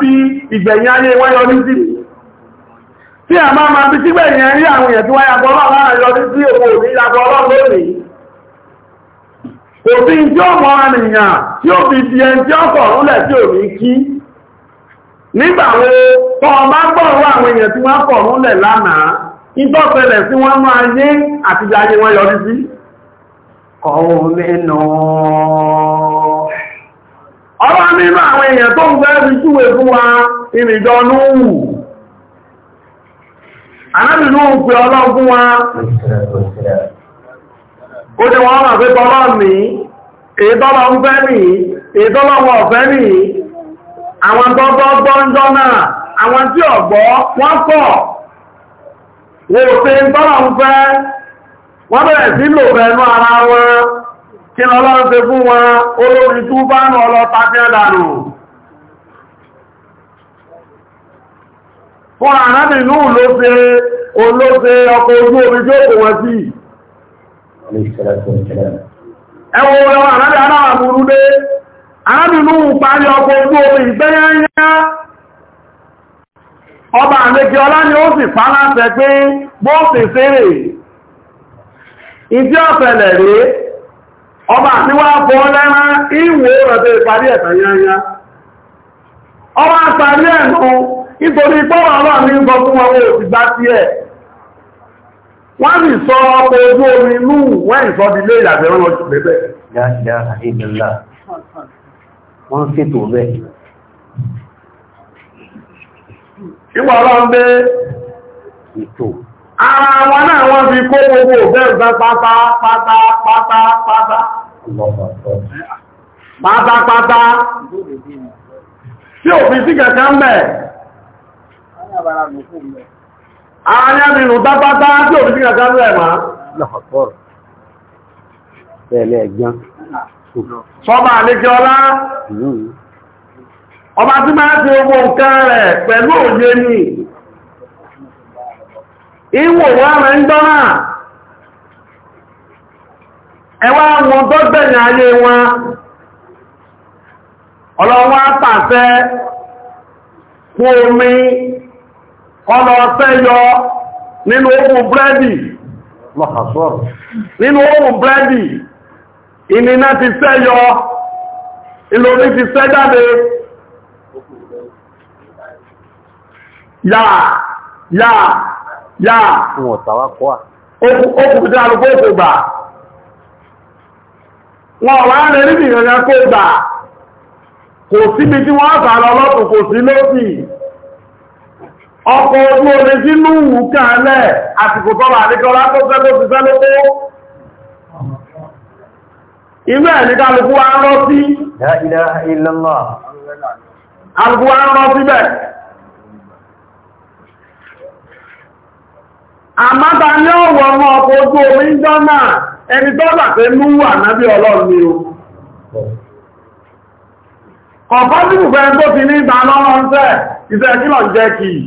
ni ìgbẹ̀yìn ayé ní tí a máa máa bí sígbẹ̀ yẹn rí àwọn èèyàn tí wọ́n yàgbọ́ ọlọ́run láàrin lọ sí sí owó òní yàgbọ́ ọlọ́run lónìí òfin tí ó mọ ènìyàn tí ó fi di ẹni tí ó kọ̀ rúlẹ̀ tí ò ní kí nígbà wo tọ́ ọba gbọ́rọ̀ àwọn èèyàn tí wọ́n kọ̀ rúlẹ̀ lánàá ìtọ́sẹlẹ̀ sí wọ́n máa yé àti ayé wọn yọrí sí ọ̀rọ̀ nínú àwọn èèyàn tó ń fẹ́ fi júwe fún wa ìrìndọ́nú wù àánú pé ọlọ́gún wa ó ní wọ́n máa fẹ́ tọ́lọ́ mi èdọ́lọ́ ń fẹ́ ọ̀fẹ́ mi àwọn tọ́gbọ́ gbọ́njọ́ náà àwọn tí ọ̀gbọ́ wọ́n pọ̀ ń fẹ́ wọ́n bẹ̀rẹ̀ sí lò ara wọn kí lọ́lọ́ ń fún fún àrábìnú olóse olóse ọkọ̀ ojú omi tí ó kò wọ́n sí ẹwọ ọwọ́ àrábì aláwà burú dé àrábìnú parí ọkọ̀ ojú omi ìgbẹ́yẹ́yẹ́ ọba àlejò ọlá ni ó sì pa láṣẹ pé bó sì fèrè ìdí ọ̀fẹ̀lẹ̀ ọba àtiwá fọ́ lẹ́rán ìwò rẹ̀ ọba àparí ẹ̀nu nítorí pọ́wọ́ aláàrin ń sọ fún wọn ó ti gbá sí ẹ̀ wọ́n sì sọ ọkọ̀ ojú omi inú wọ́n ìsọ́ di ilé ìlàjẹ̀ wọn lọ sí bẹ́ẹ̀ dáadáa ìgbìlá wọ́n ṣètò bẹ́ẹ̀ ìwọ̀ ọlọ́run dé ètò ara wọn náà wọ́n fi kó gbogbo òbẹ́ẹ̀gbẹ́ pátá pátá pátá pátá pátá pátá tí òfin sí kẹ̀kẹ́ ń bẹ̀ẹ̀ Ààrẹ mìíràn tápátá tí òfin sí kàkà rẹ̀ máa. Lọ́pọ̀rọ̀. Bẹ́ẹ̀lẹ̀ ẹ̀gbọ́n. Sọba àlejò ọlá. Ọba tí máa ti owó nǹkan rẹ̀ pẹ̀lú òye ni. Ìwò wà rẹ̀ ń Ẹwà wọn omi ọlọ ọsẹ yọ nínú ogun búrẹ́dì nínú búrẹ́dì ti sẹ yọ ìlòmí ti sẹ jáde Ya! Ya! Ya! wọ́n tàwà kọ́ à okùnkùn tí a lò kó kò wọ́n wá rẹ̀ nínú ìrìnà kó kò síbi tí wọ́n kò sí ọkọ̀ ojú omi sínú wù kàálẹ̀ àsìkò tọ́lá àdíkọ́lá tó fẹ́ tó ti fẹ́ ló kó ẹ̀ ní kálukú wa ń rọ́ sí kálukú wa ń rọ́ síbẹ̀ àmáta ní ọ̀wọ̀ ọmọ ọkọ̀ ojú omi ń jọ ẹni tọ́lá pé mú wà nábí ọlọ́run ni o kọ̀ọ̀kọ́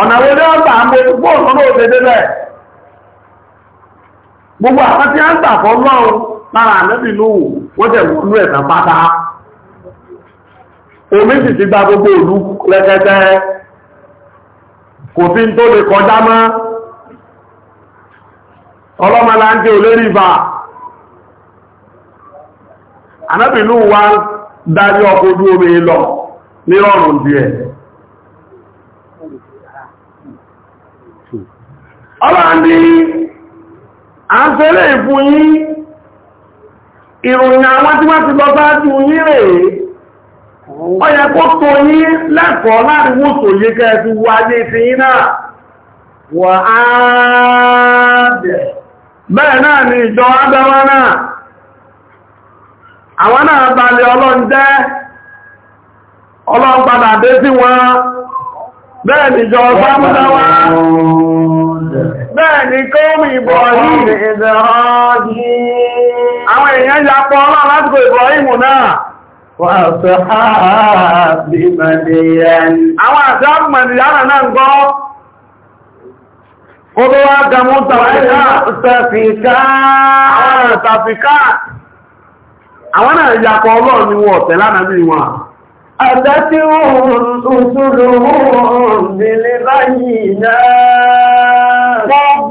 ọ̀nà wo ni wọ́n gbà ń gbogbo ọ̀nà náà dédé bẹ́ẹ̀ gbogbo àwọn tí wọ́n gbà fọ́ lọ́run lára wọ́n wọ́n gba gbogbo òlú lẹ́kẹ́tẹ́ kò tó lè kọjá mọ́ ọlọ́mọlá ń jẹ́ olérí ìbà ọlọ́ndí a ń fẹ́rẹ̀ yi yí ìròyìn àwọn tí wọ́n ti lọ bá ti yí rẹ̀ ó kó tó yí lẹ́kọ̀ọ́ láàrin wòsò yí kẹ́ẹ̀tù na ayé ti yí náà wà á bẹ́ẹ̀ náà ni ìjọ abẹ́wọ́ náà àwọn náà balẹ̀ ọlọ́ndẹ́ Bẹ́ẹ̀ ni kọ́ọ̀mù Ibrahim. Àwọn èèyàn ya pọ̀ ọlọ́run lásìkò Ibrahim náà. Wà sọ́há bí Àwọn àjọ́ náà ń gọ́. Ó tó wá gamú tàfíkà. Àwọn tàfíkà. náà Awọn ni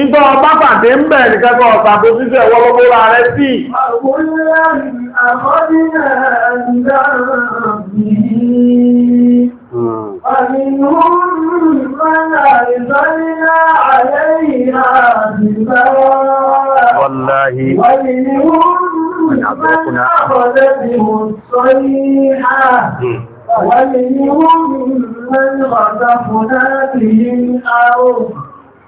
Ìgbọ́ ọba pàdé ń bẹ̀ ní kẹ́kọ̀ọ́ ọ̀sàbò síbẹ̀ wọ́n gbogbo ra rẹ̀ sí. Wàláhí. Wàláhí. ومنهم من خسفنا به الأرض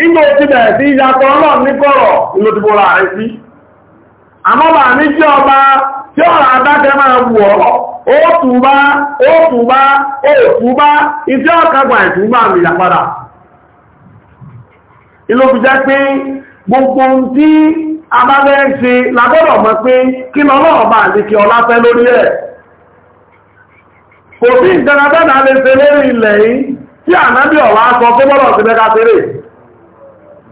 inú ti bẹ̀rẹ̀ sí ìyàtọ̀ ọlọ́run ní kọ̀rọ̀ ìlòdìbò láàrin sí àmọ́bà ní tí ọba tí ọ̀rọ̀ adájẹ́ máa wù ọ́ ó tùbá ó tùbá ó tùbá ìfẹ́ ọ̀kagbà ìtùbá mi yàpadà ìlòdì pé gbogbo tí a bá fẹ́ ṣe lágbọ́dọ̀ mọ̀ pé kí lọ́lọ́ọ̀bà àti kí ọlá fẹ́ lórí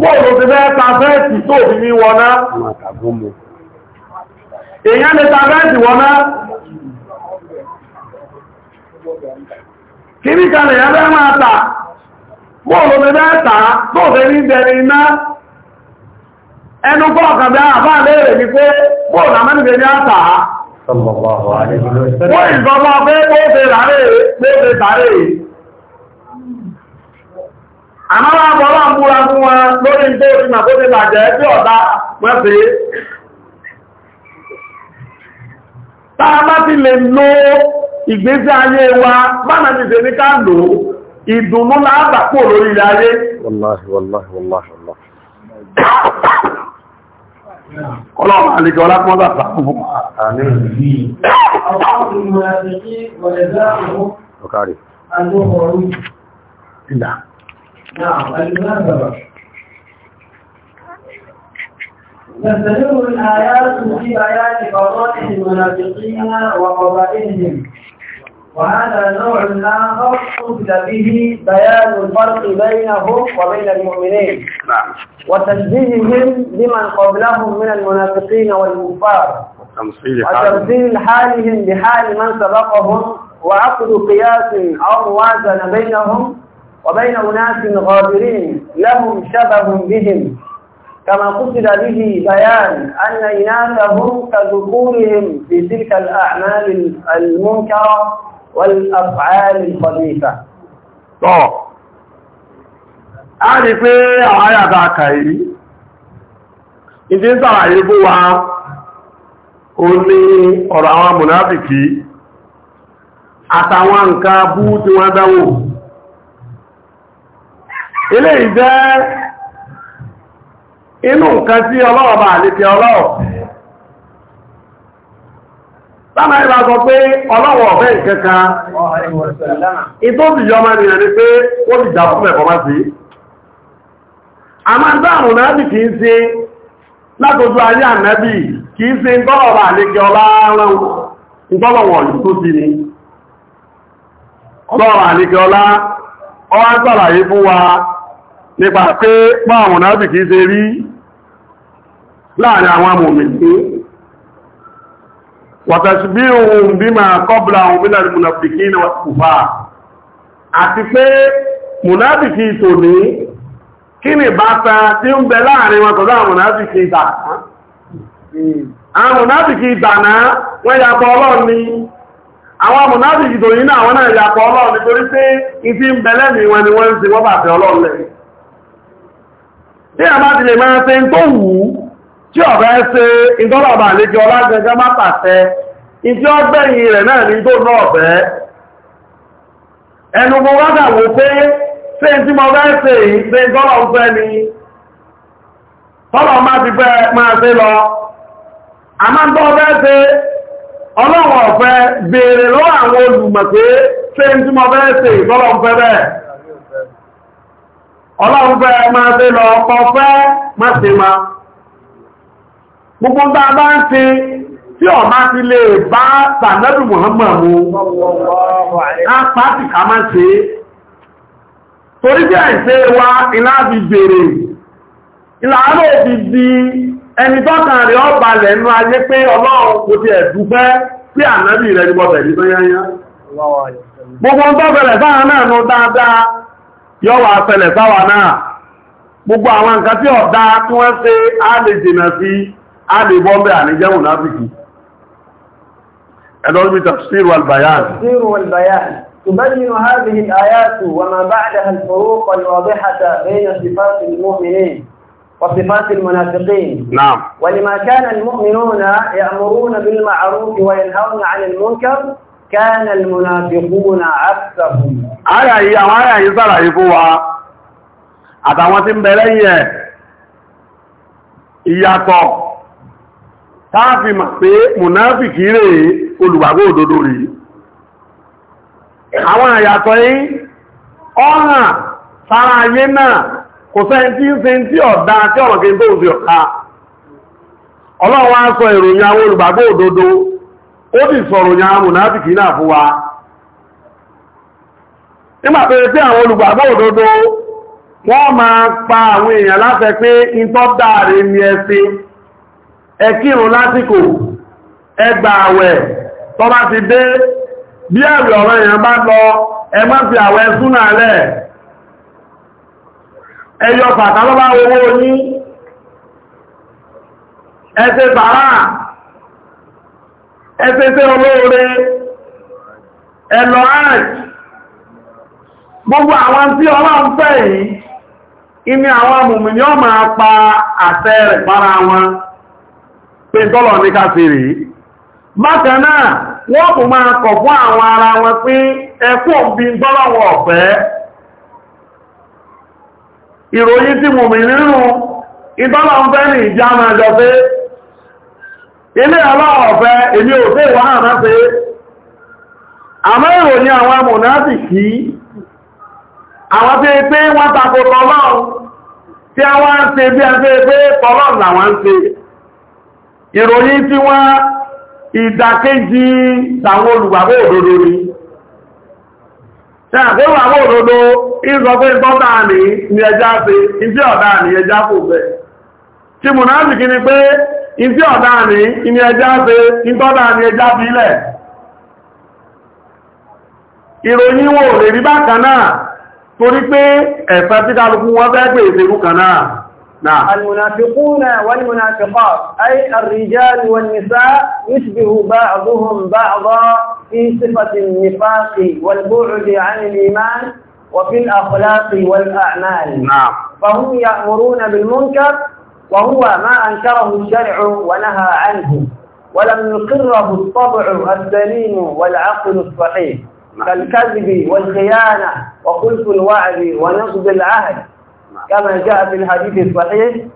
bóòlù ti fẹ́ ta fẹ́ẹ̀tì tó fi ní wọná èyàn lè ta wọná kìrí kan lè yẹ́bẹ́ máa tà bóòlù ti fẹ́ tà tó fi ní jẹni iná ẹnu kọ́ ọ̀kan àbá léèrè ní pé àmọ́ wà bọ́ wà ń búra fún wọn lórí ń tó ti mà kó ti bàjẹ́ tí ọ̀dá wọ́n fi táa bá ti lè lo ìgbésí ayé wa bánà ti ṣe ní ká lò ìdùnnú láàbà pò lórí ayé wallahi نعم المناسبة تستمر الآيات في بيان فضائح المنافقين وقبائلهم وهذا نوع آخر قصد به بيان الفرق بينهم وبين المؤمنين نعم وتشبيههم بمن قبلهم من المنافقين والكفار وتمثيل حالهم بحال من سبقهم وعقد قياس أو وازن بينهم وبين أناس غابرين لهم شبه بهم كما قصد به بيان أن إناثهم كذكورهم في تلك الأعمال المنكرة والأفعال الخبيثة. a rí pé àwọn àyàbá kàí ìdí ń sàràyé bó wa ó ní ọ̀rọ̀ àwọn mùnáfìkì àtàwọn nǹkan bú tí wọ́n dáwò eléyìí jẹ́ inú nǹkan tí ọlọ́wọ̀ bá àlèkè ọlọ́wọ̀ sáàmà ìbá sọ pé ọlọ́wọ̀ ọ̀fẹ́ ìkẹka ìtòbìyàn ọmọ ènìyàn ni pé ó ti jà fún ẹ̀kọ́ sí a máa dáàrùn kìí se látòjú ayé kìí ọlá nípa pé báwọn mọ̀nábì kìí ṣe rí láàrin àwọn amòmìnì wàtàṣì bí ohun bí máa kọ́bùlà àwọn mílẹ̀ mùnàfikí ní wàtàkùfà àti pé mọ̀nábì kìí tò ní kí ni bàtà tí ń bẹ láàrin wọn tọ́lá àwọn mọ̀nábì kìí náà wọ́n ni àwọn mọ̀nábì kìí náà yàtọ̀ ọlọ́run nítorí pé ìfí ń bẹ lẹ́mìí wọn ni wọ́n ń ṣe wọ́n bàtẹ̀ ọlọ́run tí a bá ti lè máa ṣe tó wù ú tí ọ̀bẹ́ ṣe ìdọ́lọ̀bà àlejò ọlágẹgẹ má pàṣẹ ìdí ọgbẹ̀yìn rẹ̀ náà ní tó náà ọ̀bẹ́ ẹnu mo wádà wò pé ṣé tí mo bẹ́ ṣe yìí ṣe ìdọ́lọ̀ ń fẹ́ ni tọ́lọ̀ má ti fẹ́ máa ṣe lọ àmọ́ tó bẹ́ ṣe ọlọ́wọ̀ ọ̀fẹ́ béèrè lọ́wọ́ àwọn olùmọ̀ pé ṣé tí mo bẹ́ ṣe ìdọ́lọ̀ ń fẹ́ bẹ́ẹ̀ ọlọ́run máa fẹ́ lọ ọkọ̀ fẹ́ mọ́síma gbogbo bá bá ń ti tí ọ máa ti lè bá tàbí Muhammadu pàtì ká máa ṣe torí wa ilá bèèrè ti di ẹni rẹ̀ ọba lẹ́nu ayé pé ọlọ́run kò ti gbogbo yọ wà ṣẹlẹ̀ sáwà náà gbogbo àwọn nǹkan tí ọ̀dá tí wọ́n ṣe á lè jìnà sí á lè bọ́m̀bẹ̀ àníjẹ́mù náfìkì ẹ̀lọ́rùn tafsir wal bayan tafsir wal bayan تبين هذه الآيات وما بعدها الفروق الواضحة بين صفات المؤمنين وصفات المنافقين نعم ولما كان المؤمنون يأمرون بالمعروف وينهون عن المنكر kana almunafiquna aktharuhum ara yìí àwọn ara yìí sara yìí fún wa àtàwọn tí ń bẹ lẹ́yìn ẹ̀ ìyàtọ̀ táàfi mà pé mùnáfìkì rẹ̀ olùgbàgbọ́ òdodo rí àwọn àyàtọ̀ yìí ọ̀hàn sára ayé náà kò sẹ́yìn tí ó sì sọ̀rọ̀ yàn mùnáfìkì náà fún wa nígbàtí pé àwọn olùgbàgbọ́ òdodo wọ́n máa pa àwọn èèyàn láṣẹ pé ìtọ́dà rẹ̀ ní ẹsẹ̀ ẹkírun lásìkò ẹgbà àwẹ̀ tó ti dé bí ọ̀rọ̀ lọ fi eyo ẹsẹsẹ olóore ẹlọ ààrẹ gbogbo àwọn tí ọlọ́run fẹ́ yìí inú àwọn amùmìnì ọ máa pa àṣẹ rẹ̀ para wọn pé tọ́lọ̀ ní káfèrè bákan náà wọ́n kò máa kọ̀ fún àwọn ara wọn pé ẹkùn bí tọ́lọ̀wọ̀ ọ̀fẹ́ ìròyìn tí mùmìnì rún ìtọ́lọ̀ ń fẹ́ ní ìjá máa jọ pé ilé aláọ̀fẹ́ èmi ò fẹ́ wọ́n náà fẹ́ àmọ́ ìròyìn àwọn amùnáàtì kí àwọn tí pé wọ́n tako tọ́lọ́un tí a wọ́n ń bí a fẹ́ pé tọ́lọ́un làwọn ń ìròyìn tí wọ́n ìdàkejì tàwọn olùgbàgbọ́ òdodo ni na ìfí ọ̀dá ní ìní ẹjá ṣe ìtọ́dá ní ẹjá bílẹ̀ ìròyìn wò lè rí bákan náà torí pé ẹ̀fẹ́ tí kálukú wọ́n fẹ́ pè ìṣèlú kan náà المنافقون والمنافقات أي الرجال والنساء يشبه بعضهم بعضا في صفة النفاق والبعد عن الإيمان وفي الأخلاق والأعمال نعم. فهم يأمرون بالمنكر وهو ما أنكره الشرع ونهى عنه ولم يقره الطبع السليم والعقل الصحيح كالكذب والخيانة وخلف الوعد ونقض العهد كما جاء في الحديث الصحيح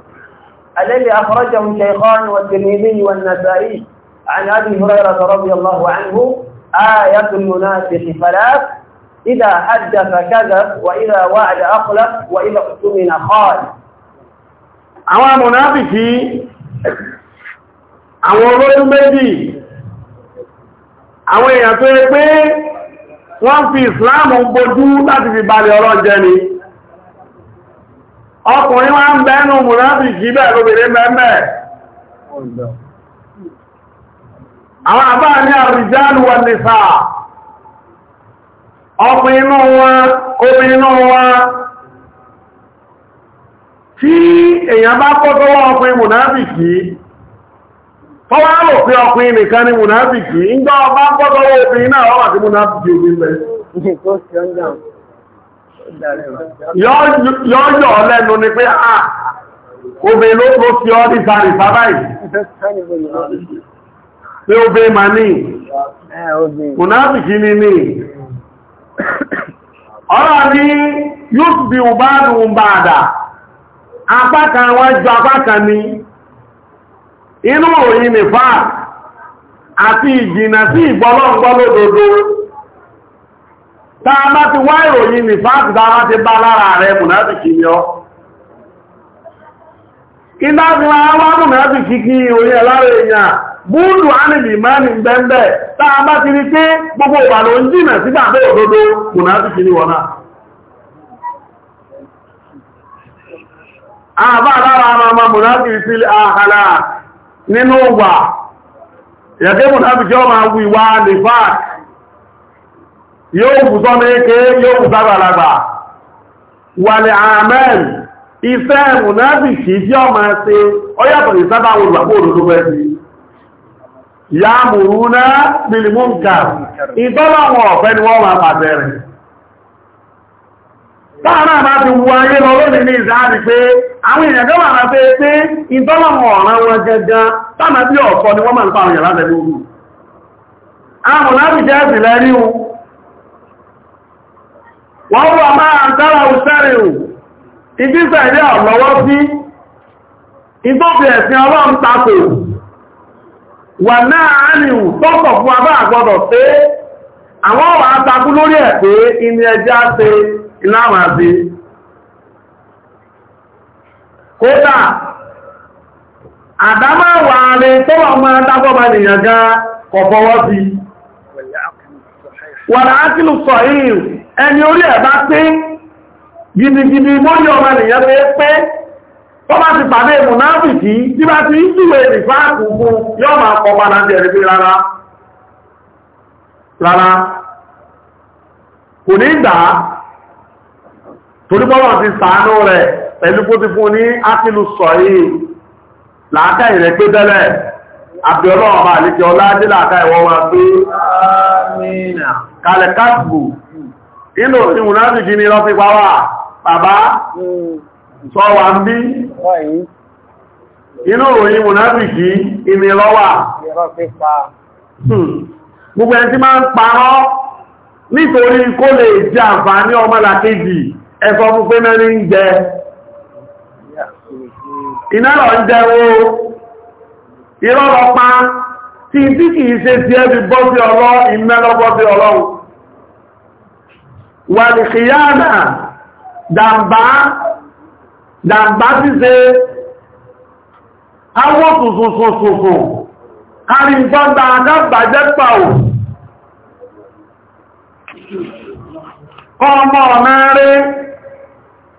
الذي أخرجه الشيخان والترمذي والنسائي عن أبي هريرة رضي الله عنه آية المنافق ثلاث إذا حدث كذب وإذا وعد أخلف وإذا اؤتمن خالف àwọn amọ̀náfìkì àwọn olóyún méjì àwọn èèyàn tó yẹ pé wọ́n fi ìsìláàmù gbojú láti fi balẹ̀ ọlọ́jẹ́ ni ọkùnrin wá ń bẹ́nu mọ̀náfìkì bẹ́ẹ̀ lóbìnrin mẹ́mẹ́ àwọn àbá ní àrìjáàlù wọn ní sáà ọkùnrin náà wọn tí èyàn bá kọ́ tọ́wọ́ ọkùnrin mùnáfìkì tọ́wọ́ rò ọkùnrin nìkan ni mùnáfìkì ń ọba kọ́ náà wà àti mùnáfìkì obìnrin bẹ̀ yọ́yọ̀ lẹ́nu ni pé à ló tó fi ọ̀rọ̀ ni yóò bí ọba apá kan wọ́n ju ni kan ní inú òyìn nìfà àti ìjìnà sí ìgbọ́lọ́gbọ́lódodo bá ti wá ìròyìn nìfà ti bá lára wá orí ẹ̀lára búùdù bá ti rí pé gbogbo ń jìnà sí àbá lára àmàmà mùnáfíì sí àhàlà nínú wà yàtẹ́ mùnáfíì jọ máa wíwá nìfà yóò bùsọ́ méèké yóò bùsọ́ àgbàlagbà wà lè àmẹ́n ìfẹ́ mùnáfíì sí jọ máa ṣe ọyàtọ̀ ìsábà olùgbàgbò òdòdó fẹ́ sí yàmùrúnà bìlìmúnkà ìtọ́lọ́wọ̀ ọ̀fẹ́ ni wọ́n máa pàtẹ́rẹ̀ táàrà bá ti wọ ayé lọ lónìí ní ìsáàrí pé àwọn èèyàn gẹ́wà rà pé pé ìtọ́lọ̀mọ̀ ọ̀ràn wọn gẹ́gẹ́ tánà bí ọ̀fọ́ ni wọ́n máa ń pa òyìn láti lórí àwọn láti jẹ́ ẹ̀sì lẹ́rí o wọ́n wọ́n máa ń tára òṣèrè o ìdíṣẹ́ ilé ọ̀lọ́wọ́ sí ìtọ́fẹ́ ẹ̀sìn ọlọ́run tako wà náà ánìwò tọ́pọ̀ fún abá àgbọ́dọ̀ pé àwọn ọ̀rọ̀ atakú iná máa sí kódà àdámáwà tó wà máa dágbọ́bà nìyàn gan kọ̀fọwọ́ sí wàrà ákìlù sọ yìí ẹni orí ẹ̀ bá pé gidigidi mọ́yọ̀ ọmọ nìyàn pé pé tó bá ti pàdé tí bá ti ń júwé nìfáàkù torí bọ́lọ̀ ti sàánú rẹ̀ pẹ̀lú kó ti fún ní ákìlù sọ̀yí làákà ìrẹ̀ pé tẹ́lẹ̀ àbí ọlọ́run bá lè jẹ́ ọlájí làákà ìwọ́n wá pé kalẹ̀ káàkù inú ìwùnáàbì jí ni lọ fi pa wà bàbá hmm. sọ wà ń bí hmm. nítorí kó lè jẹ àǹfààní ọmọlàkejì ẹ̀fọ́ púpẹ́ mẹ́rin ń jẹ iná lọ ń jẹ wo ìrọ́lọpá tí tí kìí ṣe ti ẹbí bọ́ sí ọlọ́ ìmẹ́lọ́bọ́ sí ọlọ́run wà ní kìyànà dàmbá dàmbá ti ṣe awọ́ tuntun kárí gbọ́gbà adábàjẹ́ pàwò ọmọ ọ̀nà rẹ̀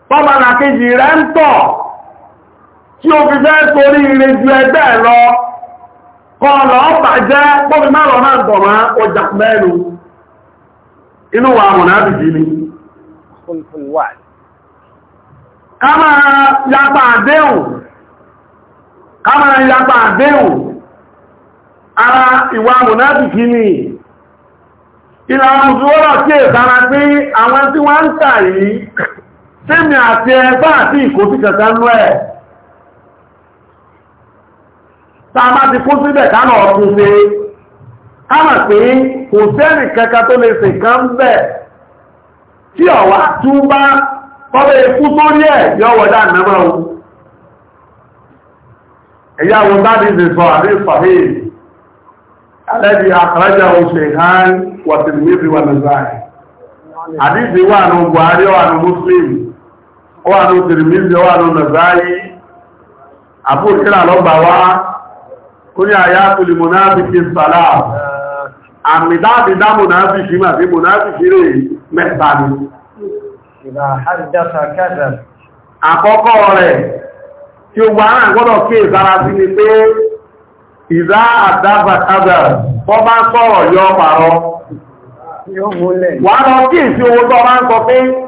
pọ́mọ̀nà kejì rẹ̀ ń tọ̀ tí o fi fẹ́ torí ire ju ẹgbẹ́ lọ kọ́ lọ jẹ́ pọ́mí mẹ́rọ náà ọjà mẹ́rù inú wa mọ̀nà àbìjì ni ká yapa àdéhùn ara ìwà ni ìlànà òṣùwọ́rọ̀ pé àwọn tẹ́mi àti ẹgbá àti ìkòsí kẹta ń rẹ̀ ta bá ti kó síbẹ̀ kánà ọ̀tún ṣe kánà pé kò sẹ́nì kẹka tó lè ṣe kan bẹ̀ tí ọ̀wá tún bá tọ́lẹ̀ ikú tó rí ẹ̀ yọ wọ̀dá nàmà o ẹ̀yà wọn bá dìde sọ àrí ìfàhí alẹ́bí àkàrájà Muslim ó wà ní tìrìmìsì ó wà ní nàzáyí àbú ìkírà lọ́gbà wá ó ní àyá tùlì mùnáfíkì sàlá àmì dáàbì dá mùnáfíkì mà sí mùnáfíkì rẹ̀ mẹ́ta ni àkọ́kọ́ rẹ̀ tí ó gbára gbọ́dọ̀ kí ìsára sí ni pé ìzá àdáfà kábẹ̀ wọ́n bá ń sọ̀rọ̀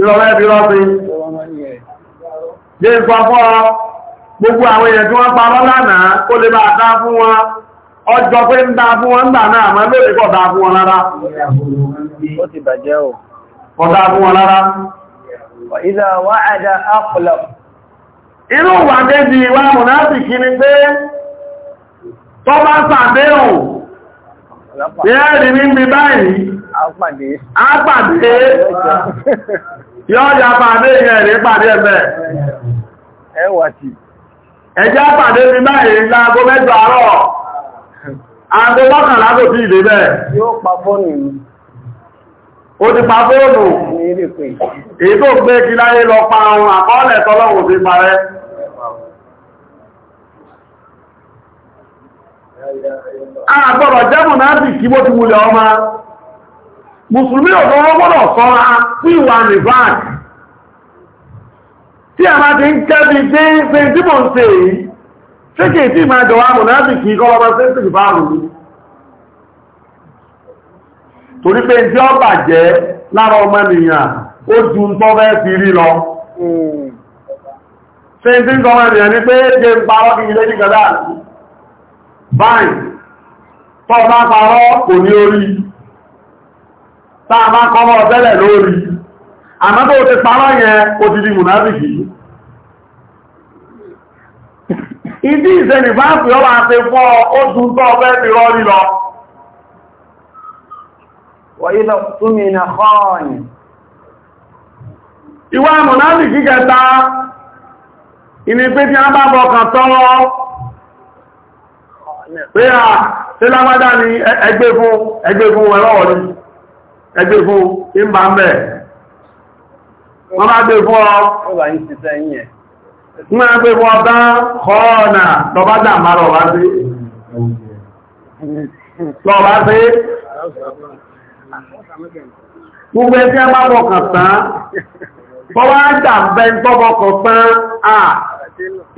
Ìrọ̀lẹ́ ibi rọ́bí. Jẹ́ ìfọ́ fọ́ gbogbo àwọn èèyàn tí wọ́n parọ́ lánàá kó lè bá dá fún wọn. Ọjọ́ pé ń dá fún wọn gbà náà mọ́ lórí kọ̀ dá fún wọn rárá. Ó ti bàjẹ́ ò. Kọ̀ dá fún wọn rárá. Ìdá wá àjá ápùlọ̀. Inú wà Àpàdé. Yọ́ọ̀dì àpàdé yẹn rí pàdé ẹ̀mẹ́. Ẹwà tí. Ẹjẹ́ àpàdé ní báyìí láago mẹ́jọ àárọ̀. Aago mọ́kànlá kò tí ìdè bẹ́ẹ̀. Yóò pa fóònù. Ó ti pa fóònù. Èyí tó gbé kí láyé lọ pa ohun àkọọ́lẹ̀ tọ́lọ́wọ̀ ti parẹ́. Àgbọ̀rọ̀ jẹ́mù náà sì kí bó ti wulẹ̀ ọmọ mùsùlùmí ọ̀dọ́ gbọ́dọ̀ sọ́ra sí ìwà nìbáàk tí a máa ti ń kẹ́bi dé pé tí mò ń ṣe èyí ṣé kìí tí máa jọ wá mọ̀ láti kìí kọ́ lọ́wọ́ sí ìsìnkú bá rú torí pé tí ó bàjẹ́ lára ọmọ ènìyàn ó ju ń tọ́fẹ́ ti rí lọ ṣe tí ń gọmọ ènìyàn ní pé jẹ́ ń parọ́ kí ilé nígbàdá báyìí tọ́ bá parọ́ kò ní orí táà bá kọmọ ọ̀tẹ́lẹ̀ lórí àmọ́ tó ti parọ́ yẹn ó ti di mùnáfìkì ìdí ìsẹ́nì bá fi ọwà ṣe fọ́ ó dùn tọ́ ọ̀fẹ́ fi rọ́ lílọ wọ̀nyílọ túnmí na kọ́ọ̀nì ìwà mùnáfìkì kẹta a bá bọ̀ kàn tọ́wọ́ pé à tí lámádá ni ẹgbẹ́ fún ẹgbẹ́ fún ẹlọ́wọ̀ ní ẹgbẹ́ fún ń bá ń bẹ̀ wọ́n bá gbé fún ọ mọ́ ẹgbẹ́ fún ọdá kọ́ọ̀nà tọba dàmà lọ́wọ́ sí lọ́wọ́ sí gbogbo ẹgbẹ́ bá bọ̀kàn tán bọ́wá dàmbẹ́ tọ́bọ̀kàn tán à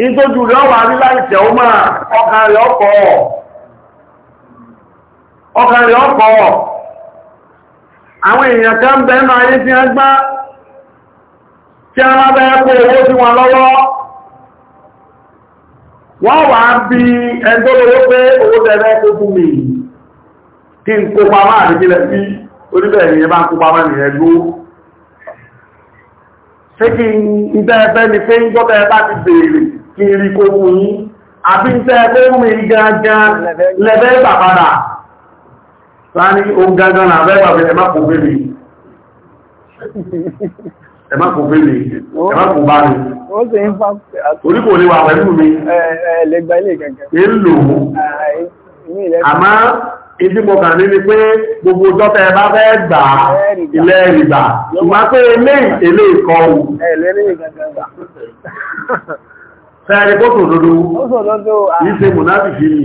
ìtójú rẹ̀ wà ní láìsẹ̀ ó máa ọkàn rẹ̀ ọkọ̀ àwọn èèyàn kan bẹ̀ẹ́nù ayé tí wọ́n gbá tí a máa bẹ́ẹ̀ kó owó sí wọn lọ́wọ́ wọ́n wà á bí ẹgbẹ́lówó pé owó tẹ́lẹ̀ kó fún mi kí n kó pamá àdíkílẹ̀ sí oníbẹ̀ẹ̀yìn bá ń kó pamá nìyẹn gbó ṣé ni pé ń jọ́tẹ́ bá ti bèèrè kí n rí kó fún yín àbí sáni ó gángan náà bẹ́ẹ̀ bàbẹ̀ ẹ̀má kò fẹ́ lè ẹ̀má kò fẹ́ lè ẹ̀má kò bá lè orí kò lè wà pẹ̀lú mi ẹ̀lẹ́gbà ilé kẹ̀kẹ́ èlò àmá ibi mọ̀kà ní ni pé gbogbo dọ́tẹ̀ bá fẹ́ gbà ilẹ̀ ìgbà ìgbà pé ilé ìlé ìkọ Fẹ́ẹ̀rẹ̀ kó tòdodo, ìṣe mùnábì fi ní.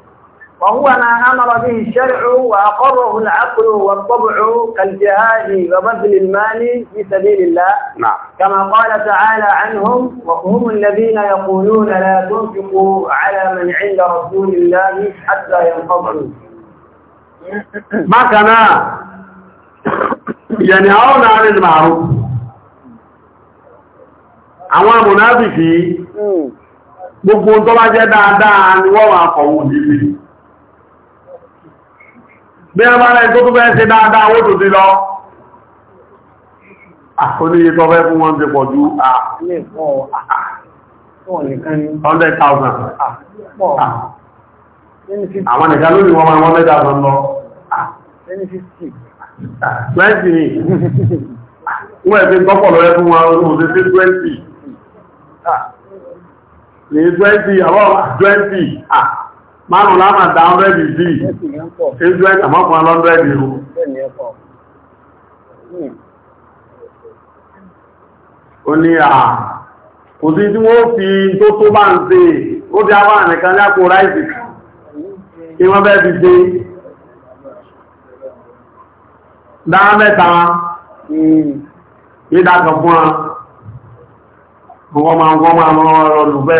وهو ما أمر به الشرع وأقره العقل والطبع كالجهاد وبذل المال في سبيل الله نعم. كما قال تعالى عنهم وهم الذين يقولون لا تنفقوا على من عند رسول الله حتى ينقضوا يعني ينهون عن المعروف àwọn munafiki gbogbo tó bá jẹ́ dáadáa ni wọ́n wà kọ̀wọ́ bí ẹ bá rẹ̀ tó tó bẹ́ẹ̀ ṣe dáadáa owó tó ti lọ àkóníye tó fẹ́ fún wọn ti pọ̀ ju à àwọn nìkan lórí wọn máa wọ́n mẹ́ta sọ lọ ni wọ́n ẹ̀ tọ́pọ̀ lọ́rẹ́ fún wọn oṣù sí 20 ní 20 àwọn 20 ah márùn láàmà dá ọ́nrẹ́dì sí ìjú ẹ̀kà mọ́kùn alọ́nrẹ́dì o hmm. ó ní à kò sí tí wọ́n fi tó tó bá ń ṣe ó ti àwọn ànìkan lápò ráìsì kí wọ́n bẹ́ẹ̀ fi ṣe dáa mẹ́ta ìdákan hmm. fún ọ wọ́n máa wọ́n máa lọ́rọ̀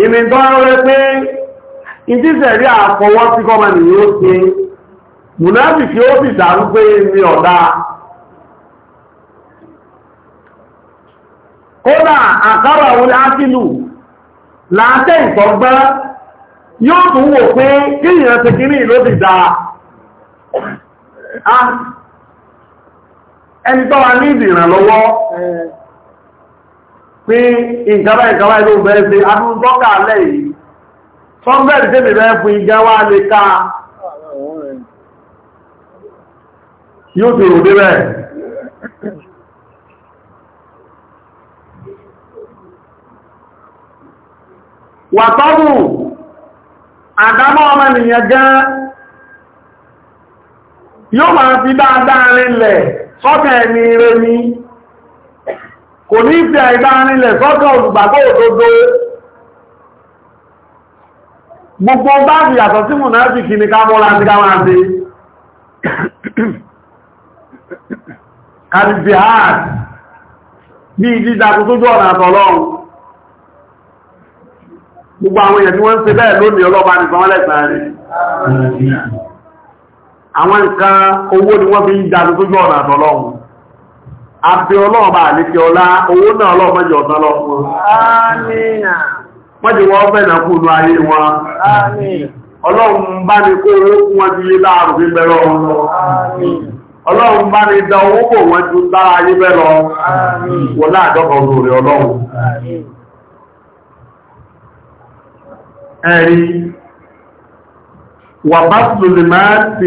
ìmì dọ́rẹ́ pé ìdíṣẹ̀rí àfọwọ́ tí kọ́mọ ó ṣe mùnábì kí ó sì dàrú pé ìmì ọ̀dá kódà àkárà orí ákìlù láàtẹ́ ìtọ́gbẹ́ yóò tún wò pé kíyàn ti kí ah, ní ìlú ti dá ẹni tọ́wà pé nkaba ìgbàbá ìlú bẹ̀rẹ̀ sí adúgbọ́gbà alẹ́ yìí sọ́gbẹ̀rẹ̀ tí mi bẹ̀rẹ̀ fún ìgbàwà lè ká yóò tó rò dé bẹ́ẹ̀ wà tọ́rù àdámọ́ ọmọ ènìyàn yóò máa fi dáadáa rinlẹ̀ sọ́kẹ̀ ni kò ní fi àìdárinlẹ̀ sọ́tọ̀ olùgbàgbọ́ òdodo gbogbo bá fi yàtọ̀ sí mùnáfíkì ní kámọ́lá ti ká máa ṣe kàlìfihàn ní ìdíjàkú tó jọ ọ̀nà àtọ̀lọ́run gbogbo àwọn èèyàn tí wọ́n ń ṣe bẹ́ẹ̀ lónìí ọlọ́ba nìkan wọ́n lẹ́sàn rẹ̀ àwọn nǹkan owó ni wọ́n fi ń jà tó jọ ọ̀nà àtọ̀lọ́run abẹ ọlọ́ọ̀bá àlékẹ ọlá owó náà ọlọ́ọ̀ mẹ́jọ ọ̀tán lọ fún mọ́jẹ̀ wọ́n fẹ́nà fún ayé wọn ọlọ́run bá ní kó owó fún wọn ti yé láàrùn fi bẹ̀rọ ọlọ́run bá ní da owó wọ́n ju lára ayé bẹ́lọ wọ́n láàdọ́kọ̀ lórí ọlọ́run ẹ̀rí wà bá ti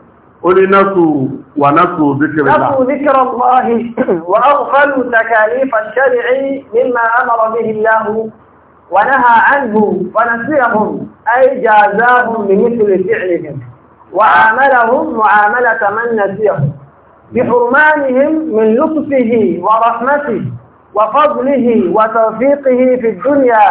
قولي نسوا ونسوا ذكر الله نسوا ذكر الله وأغفلوا تكاليف الشرع مما أمر به الله ونهى عنه ونسيهم أي جازاهم بمثل فعلهم وعاملهم معاملة من نسيهم بحرمانهم من لطفه ورحمته وفضله وتوفيقه في الدنيا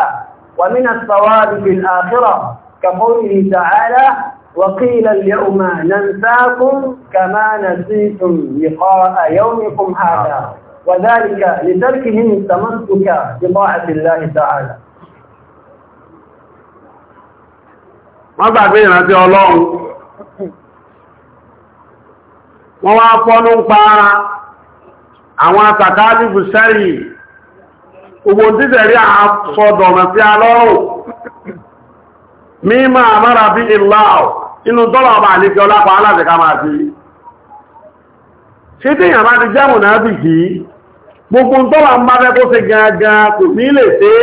ومن الثواب في الآخرة كقوله تعالى وقيل اليوم ننساكم كما نسيتم لقاء يومكم هذا وذلك لتركهم التمسك بطاعة الله تعالى wọ́n gbàgbé ìrántí ọlọ́run wọ́n wá fọ́nú ń pa ara àwọn àtàkálìbù sẹ́rì gbogbo títẹ̀rí àsọdọ̀mọ̀ sí alọ́rùn mímọ̀ àmára bí ìlàọ̀ inú tọ́lọ̀ ọba àlejò ọlápàá aláàbẹ̀ká máa fi ṣe tí èyàn bá ti jẹ́ mùnábì kí gbogbo tọ́lọ̀ ń bá fẹ́ kó ṣe gangan kò ní lè ṣe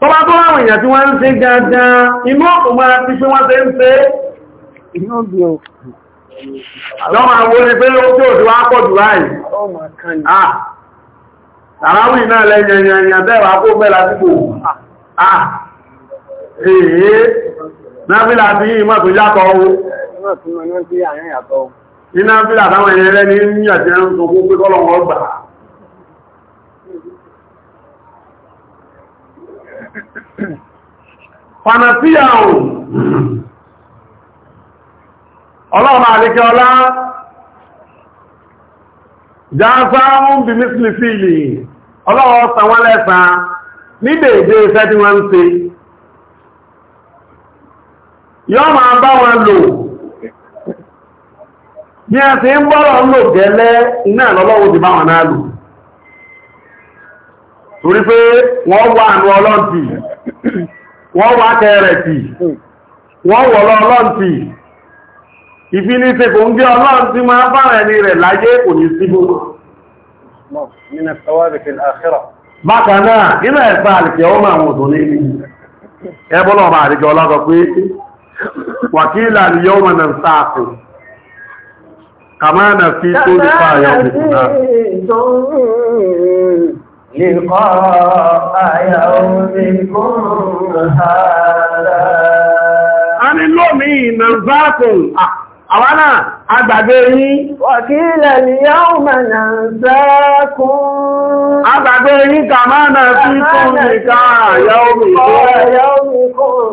tọ́bá tó láwọn èèyàn tí wọ́n ń ṣe gangan inú ọ̀pọ̀ máa ti fi wọ́n ṣe ń ṣe lọ́mọ àwọn náàbílà àti yìí mọ́ tó yàtọ̀ owó iná bílà táwọn èèyàn rẹ̀ ní yàtí ẹran tó kó pé kọ́lọ̀wọ́ gbà fànàtíyà ohun ọlọ́ọ̀mà àríkẹ́ ọlá jáfá ń bí mísìlì fíìlì ọlọ́wọ́ sanwọ́lẹ́sàn ní dèédé iṣẹ́ tí wọ́n ń ṣe yọ́ máa bá wọn lò bí a ti ń bọ́rọ̀ lò gẹ́lẹ́ iná lọ́lọ́wọ́ ti bá wọn náà lò torí pé wọ́n wà àánú ọlọ́ntì wọ́n wà kẹrẹ̀tì wọ́n wọ̀lọ́ ọlọ́ntì ń ọlọ́ntì máa bára ẹni rẹ̀ láyé kò ní síbò وقيل اليوم ننساكم كما نسيتم لقاء يومكم لقاء يومكم هذا أنا لومي ننساكم àwọn náà agbàgbé yín wàkílẹ̀ ni yóò mẹ́nà sẹ́kún agbàgbé yín kà máa nà sí kún nìkan yóò mìí kún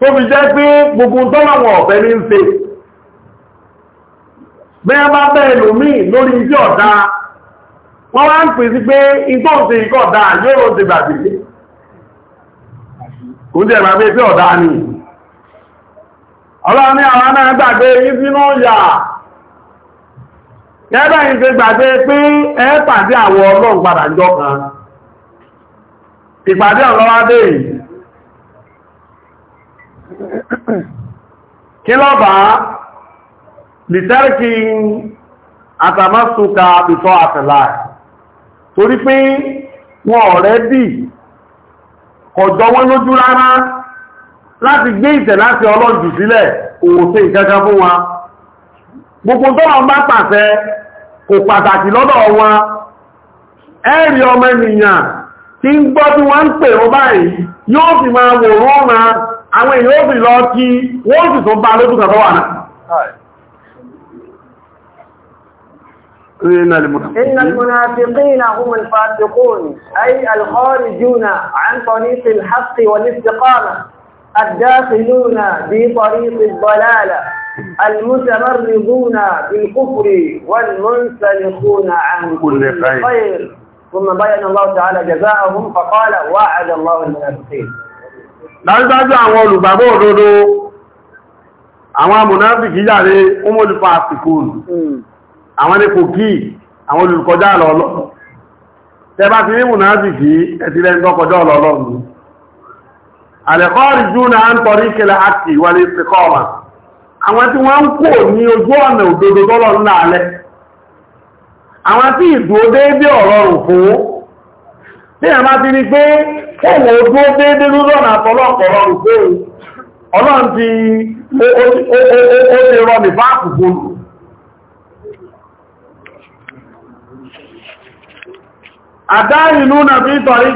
tó fi jẹ́ pé gbogbo tọ́lọ̀wọ̀n ọ̀fẹ́ ní ń ṣe bẹ́ẹ̀ bá bẹ́ẹ̀ lómi lórí iṣẹ́ ọ̀dá wọ́n wá ń pè sí pé ọ̀dá yóò kò jẹ́ ni ọlọ́run ní àwọn náà gbàgbé yà kẹ́bẹ̀ yìí gbàgbé pé ẹ pàdé kan ìpàdé ọlọ́wádé yìí kí ló bá lìtẹ́rìkì àtàmásùkà torí pé wọn ọ̀rẹ́ dì kọjọ wọn lójú rárá láti gbé ìtẹ̀ láti ọlọ́jù sílẹ̀ òwòsẹ̀ ìkẹ́kẹ́ fún wa gbogbo tọ́wọ́n bá pàṣẹ kò pàtàkì lọ́dọ̀ wọn ẹ̀rì ọmọ ènìyàn tí ń gbọ́ tí wọ́n ń pè àwọn èèyàn ó fi lọ kí wọ́n sì tó bá lójú kan wà náà إن المنافقين هم الفاسقون أي الخارجون عن طريق الحق والاستقامة الداخلون في طريق الضلالة المتمردون بالكفر والمنسلخون عن كل خير ثم بين الله تعالى جزاءهم فقال وعد الله المنافقين dájúdájú àwọn olùgbàgbọ́ òdodo àwọn amùnáfìkì yàrí umolufa àsìkòl hmm. àwọn ní kí àwọn olùkọjá lọ́lọ́ tẹba ti ní mùnáfìkì ẹ̀tí lẹ́ni tọ́kọjá lọ́lọ́run alẹ́kọ́rì júnà ń tọrí kẹlẹ̀ àti wọlé ìsìkọ́ọ̀mà ní àmá ti rí pé fóòmù ojú ó déédé lórí ọ̀nà àtọ́lọ́pọ̀lọ́ ọlọ́run ti ó ti rọ ní fáàkù fóòmù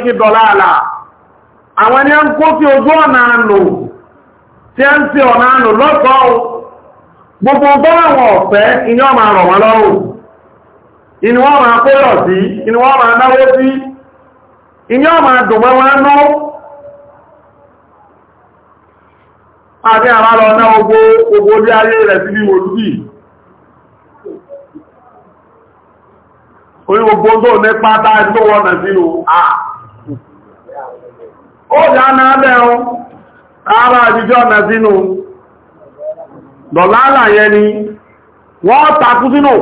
kí dọ̀lá àlà àwọn ẹni ń kó sí ojú ọ̀nà ànù tí a ń ti ọ̀nà ànù lọ́tọ̀ọ́ gbogbo bọ́ọ̀wọ̀ ọ̀fẹ́ ìyọ́ máa rọ̀ inú wọ́n máa sí ìyẹn e ọ ma wọn nú àti àmà lọ ná ogbó ogbó lé ayé rẹ̀ sí ní olùbí orí ogbó tó ní pátá tó wọ́nà sí o à ó dá náà bẹ́ẹ̀ ara àjíjọ́ ọ̀nà sínú dọ̀lálà yẹn ni wọ́n takú sínú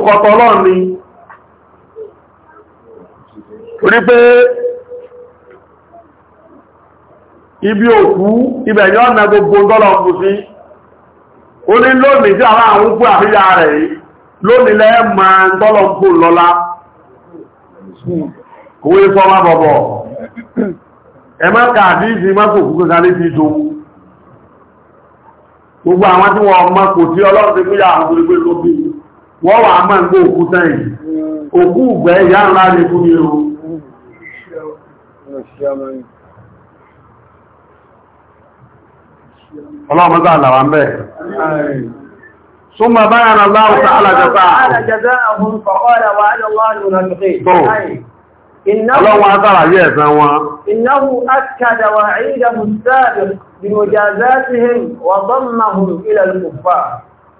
ni. pé ibi òkú ibẹ̀ yọ́ na gbogbo dọ́lọ̀ ọkù sí ó ní lónìí tí àwọn àwọn òkú àríyá rẹ̀ lónìí lẹ́ ma dọ́lọ̀ ọkù lọ́lá kòwé fọ́má bọ̀bọ̀ ẹmọ́ kàdí ìsì mọ́kò kúkú sáré ti tó gbogbo àwọn tí wọ́n mọ́ kò tí ọlọ́run ti múyà àwọn olùgbé lóbi wọ́n wà mọ́ ń gbé òkú sẹ́yìn òkú ìgbẹ́ ìyá ńlá rẹ̀ fún اللهم اجعلنا عن به ثم بين الله تعالى جزاءهم فقال وعد الله المنافقين اللهم اجعل يسا انه اكد وعيده السابق بمجازاتهم وضمهم الى الكفار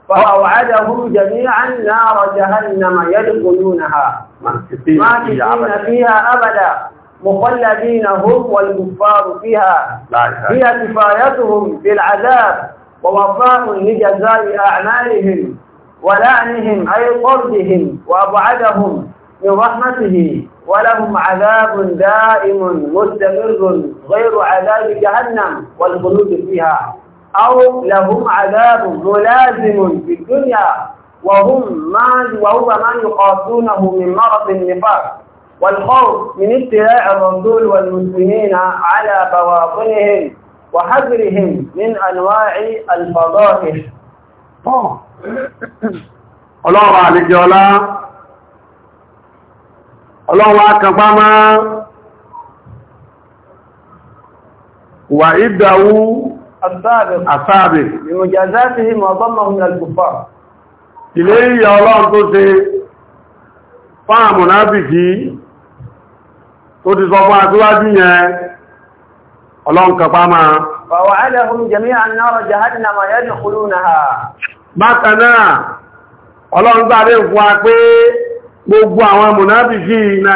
فاوعدهم جميعا نار جهنم يدخلونها ماكثين فيها ابدا مخلدين هم والكفار فيها هي كفايتهم بالعذاب ووفاء لجزاء أعمالهم ولعنهم أي طردهم وأبعدهم من رحمته ولهم عذاب دائم مستمر غير عذاب جهنم والخلود فيها أو لهم عذاب ملازم في الدنيا وهم ما وهو ما يقاسونه من مرض النفاق والخوف من ابتلاء الرسول والمسلمين على بواطنهم وحذرهم من أنواع الفضائح ọlọ́run àlejò ọlá ọlọ́run akàpá máa wà ìdáwú àsáàbì ìròjàzá sí ìmọ̀ ọgbọ́mọ̀ ohun àgbùfà ilé ìyà ọlọ́run tó ṣe fáàmù náà bìí ó ti sọ fún àtúwájú yẹn ọlọ́nkàpá máa bàwà alẹ́hùn jẹ́mí ànára jahannama yẹ́dì kúrú náà bákanáà ọlọ́ngbàdé fún wa pé gbogbo àwọn mùnábìkì iná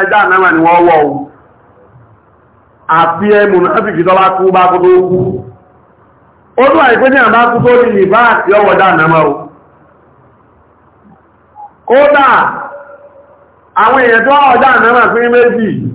ni kódà àwọn èèyàn tó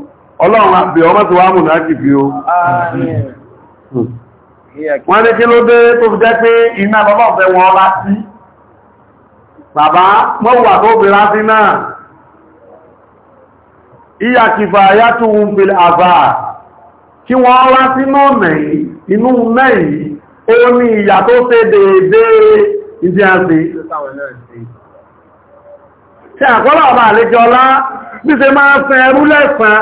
ọlọ́run àbí ọmọ tí wá mù náà jì bí o wọ́n ní kí ló dé tó fi jẹ́ pé iná bàbá ọ̀fẹ́ wọn ọlá sí bàbá mọ́wà tó fi rá sí náà ìyà kìfà ayá tó ń fi àbá kí wọ́n ọlá sí náà inú mẹ́yìn ó ní ìyà tó ṣe déédéé ìdí ọba àlejò bí ṣe máa fẹ́ ẹrú lẹ́sàn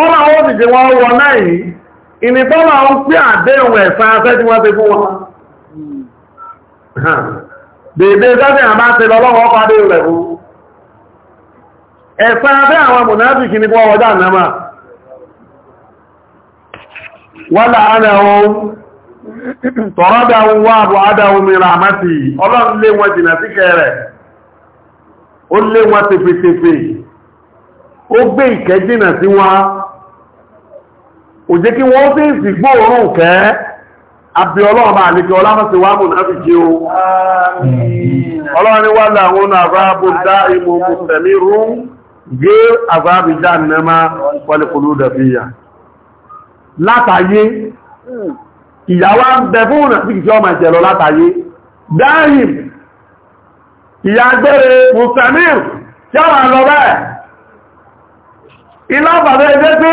ọmọ àwọn òdìdí wọn wọ náà yìí ìnìtọ́lá ń pé àdéhùn ẹ̀sán afẹ́ tí wọ́n ti fún wọn dèdè sẹ́sẹ̀ àmá ti lọ lọ́wọ́ pàdé rẹ̀ fún ẹ̀sán afẹ́ àwọn mùnáfíkì ní kọ́ ọjà náà wọ́n láàárín àwọn tọ̀rọ̀dà ó gbé sí wọn òjé kí wọ́n sí ìsìgbó òórùn kẹ́ àbí ọlọ́run bá àlejò ọlámọ́sí wà mùn láti jí o ọlọ́run ni wà láwọn àbábò dá ìmò mùsẹ̀mí rún gé àbábì já nẹ́má wọlékulú dàbíyà látàyé ìyàwó bẹ̀fún àti kìí ọmọ ìjẹ̀lọ látàyé dáhìm ìyàgbẹ̀rẹ̀ mùsẹ̀mí tí ó wà lọ ẹgbẹ́ tí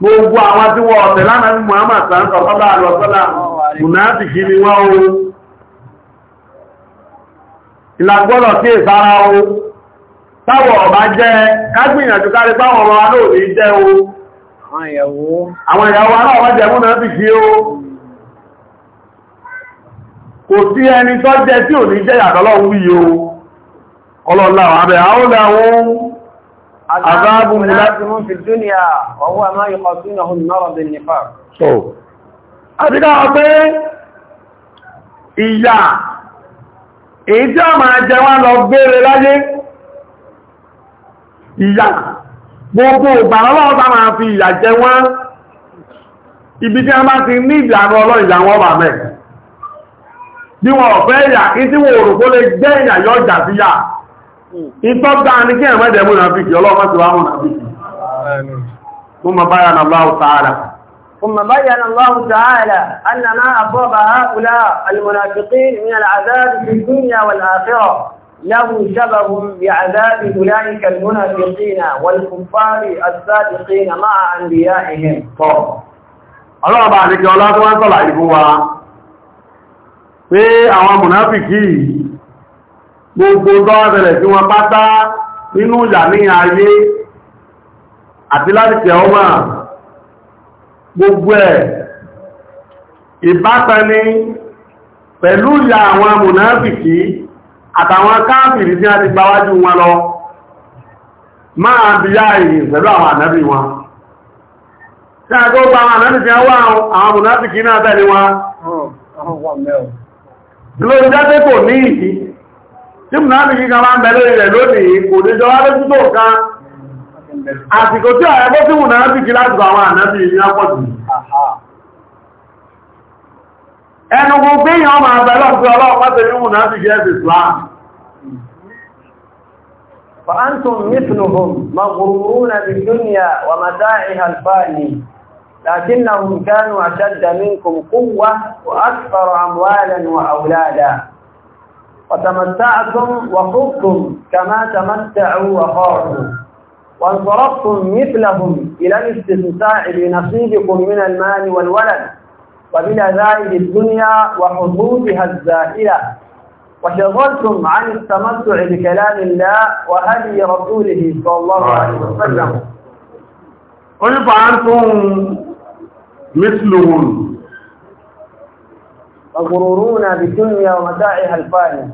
gbogbo àwọn tí ọ̀tẹ̀ lánàá ní Muhammad sáńsọ̀ tọ́lá àlọ́sọ́lá mùnáàtì ni wọ́n o ìlàgbọ́lọ̀ sí o táwọ̀ ọ̀bá jẹ́ kágbìyànjú kárí páwọn ọmọ alóòrí jẹ́ o àwọn o kò sí ẹni tí ò ní jẹ́ عذاب ملازم في الدنيا وهو ما يقاسونه المرض النفاق so àbíká ọ̀pẹ́ ìyà èyí tí a máa jẹ wá lọ gbére láyé ìyà gbogbo ìgbàlọ́lọ́ ọ̀tá máa fi ìyà jẹ wá ibi tí a bá ti ní ìyàrá ọlọ́ ìyàwó bà mẹ́ bí wọn ọ̀fẹ́ ìyà kí tí wọn òrùkó lè jẹ́ ìyà yọjà síyà ìtọ́gbà ní kí ẹ̀mọ́ ẹ̀dẹ̀ múnà fíkì ọlọ́mọ́ ti wá múnà fíkì fún ma báyà na láwù tààlà ثم بين الله تعالى أن ما أصاب هؤلاء المنافقين من العذاب في الدنيا والآخرة له شبه بعذاب أولئك المنافقين والكفار الصادقين مع أنبيائهم الله بعد كي الله تعالى يقول pé àwọn mùnáfìkì gbogbo dọ́wọ́bẹ̀rẹ̀ tí wọ́n pátá nínú ìyà ní ayé àti láti tẹ̀ ọmọ gbogbo ẹ̀ ìbátani pẹ̀lú ìyà àwọn mùnáfìkì àtàwọn káàfìrí tí a ti gbáwájú wọn lọ máa bí yá ìyìn pẹ̀lú àwọn ànábì wọn tí a tó gba àwọn ànábì tí a wá àwọn mùnáfìkì náà tí mú náà kí kan máa ń bẹ̀lẹ̀ rẹ̀ lónìí kò lójú tó kan àsìkò tí ààrẹ bó tí mú náà bí kí láti bá àwọn ànábì ní ọpọ̀jù ẹnu gbogbo èèyàn máa bẹ̀lẹ̀ ọ̀pọ̀ ọlọ́pàá tẹ̀lé mú náà bí kí ẹ̀sì Islam لكنهم كانوا أشد منكم قوة وأكثر أموالا وأولادا وتمتعتم وخبتم كما تمتعوا وخاضوا وانصرفتم مثلهم إلى الاستمتاع بنصيبكم من المال والولد وبلذائذ الدنيا وحظوظها الزائلة وشغلتم عن التمتع بكلام الله وهدي رسوله صلى الله عليه وسلم قل فأنتم مثلهم وغرورنا بالدنيا ومتاعها الفانية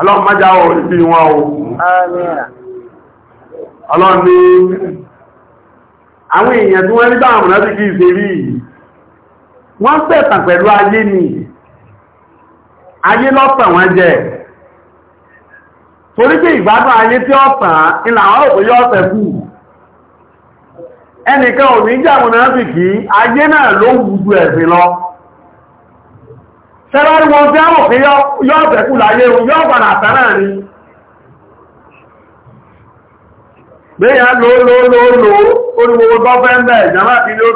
اللهم اجعوا في واو آمين اللهم àwọn èèyàn tí wọ́n rí báwọn mọ̀láti kí ìṣe rí yìí wọ́n pẹ̀tàn pẹ̀lú ayé ni ayé lọ́pẹ̀ wọ́n jẹ́ torí pé ìgbádùn ayé tí ọ̀tàn ìlànà òpóyọ́ ọ̀tẹ̀ kù ẹnìkan ò ní jẹ́ àwọn kí ayé náà tẹ́lárí wọn tí a mọ̀ pé yọ́ ọ̀tẹ̀kù láyé ohun yọ́ padà tẹ́lá rí gbéyà ló ló ló ló ìjọba ló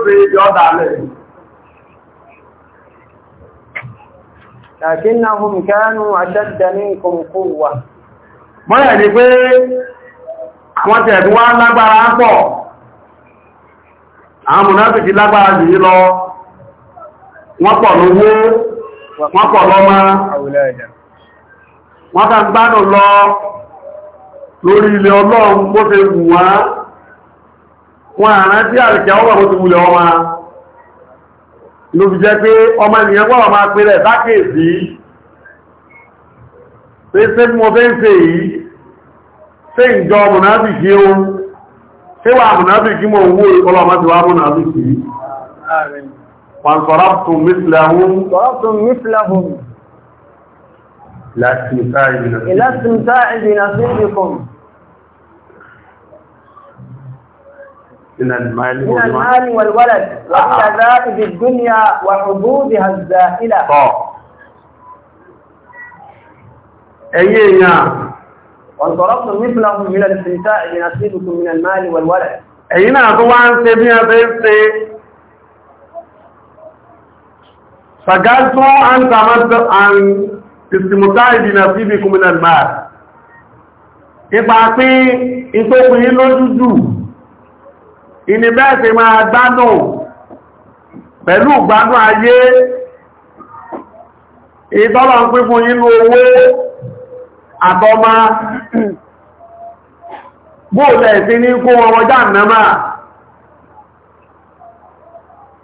fi yọ́ dálẹ̀ ni pé àwọn wọ́n pọ̀ lọ́mọ́ wọ́n tàn gbádùn lọ lórí ilẹ̀ ọlọ́run bó ṣe wù wá wọn àrán tí àrìkẹ́ ọwọ́ bó ti wulẹ̀ ọmọ ló fi jẹ́ pé ọmọ ènìyàn gbọ́wọ́ máa pè rẹ̀ dákèèsí pé o ṣe wà mùnábìkí mọ̀ وضربتم مثلهم ضربتم مثلهم لا استمتاعي بنصيبكم لا استمتاع بنصيبكم من المال من المال والولد والتذائب آه. الدنيا وحدودها الزائلة أيها وضربتم مثلهم إلى الاستمتاع بنصيبكم من المال والولد أيها طبعا سيدنا بيبتي فقالت أن تمد أن تستمتع بنصيبكم من المال ipa pé ìtókùn yí lójújù ìnibẹ́ẹ̀sì máa gbádùn pẹ̀lú gbádùn ayé ìtọ́lọ̀ ń pín fún yínú owó àtọ́má bóòlẹ̀ sí ní kó ọmọ jáà náà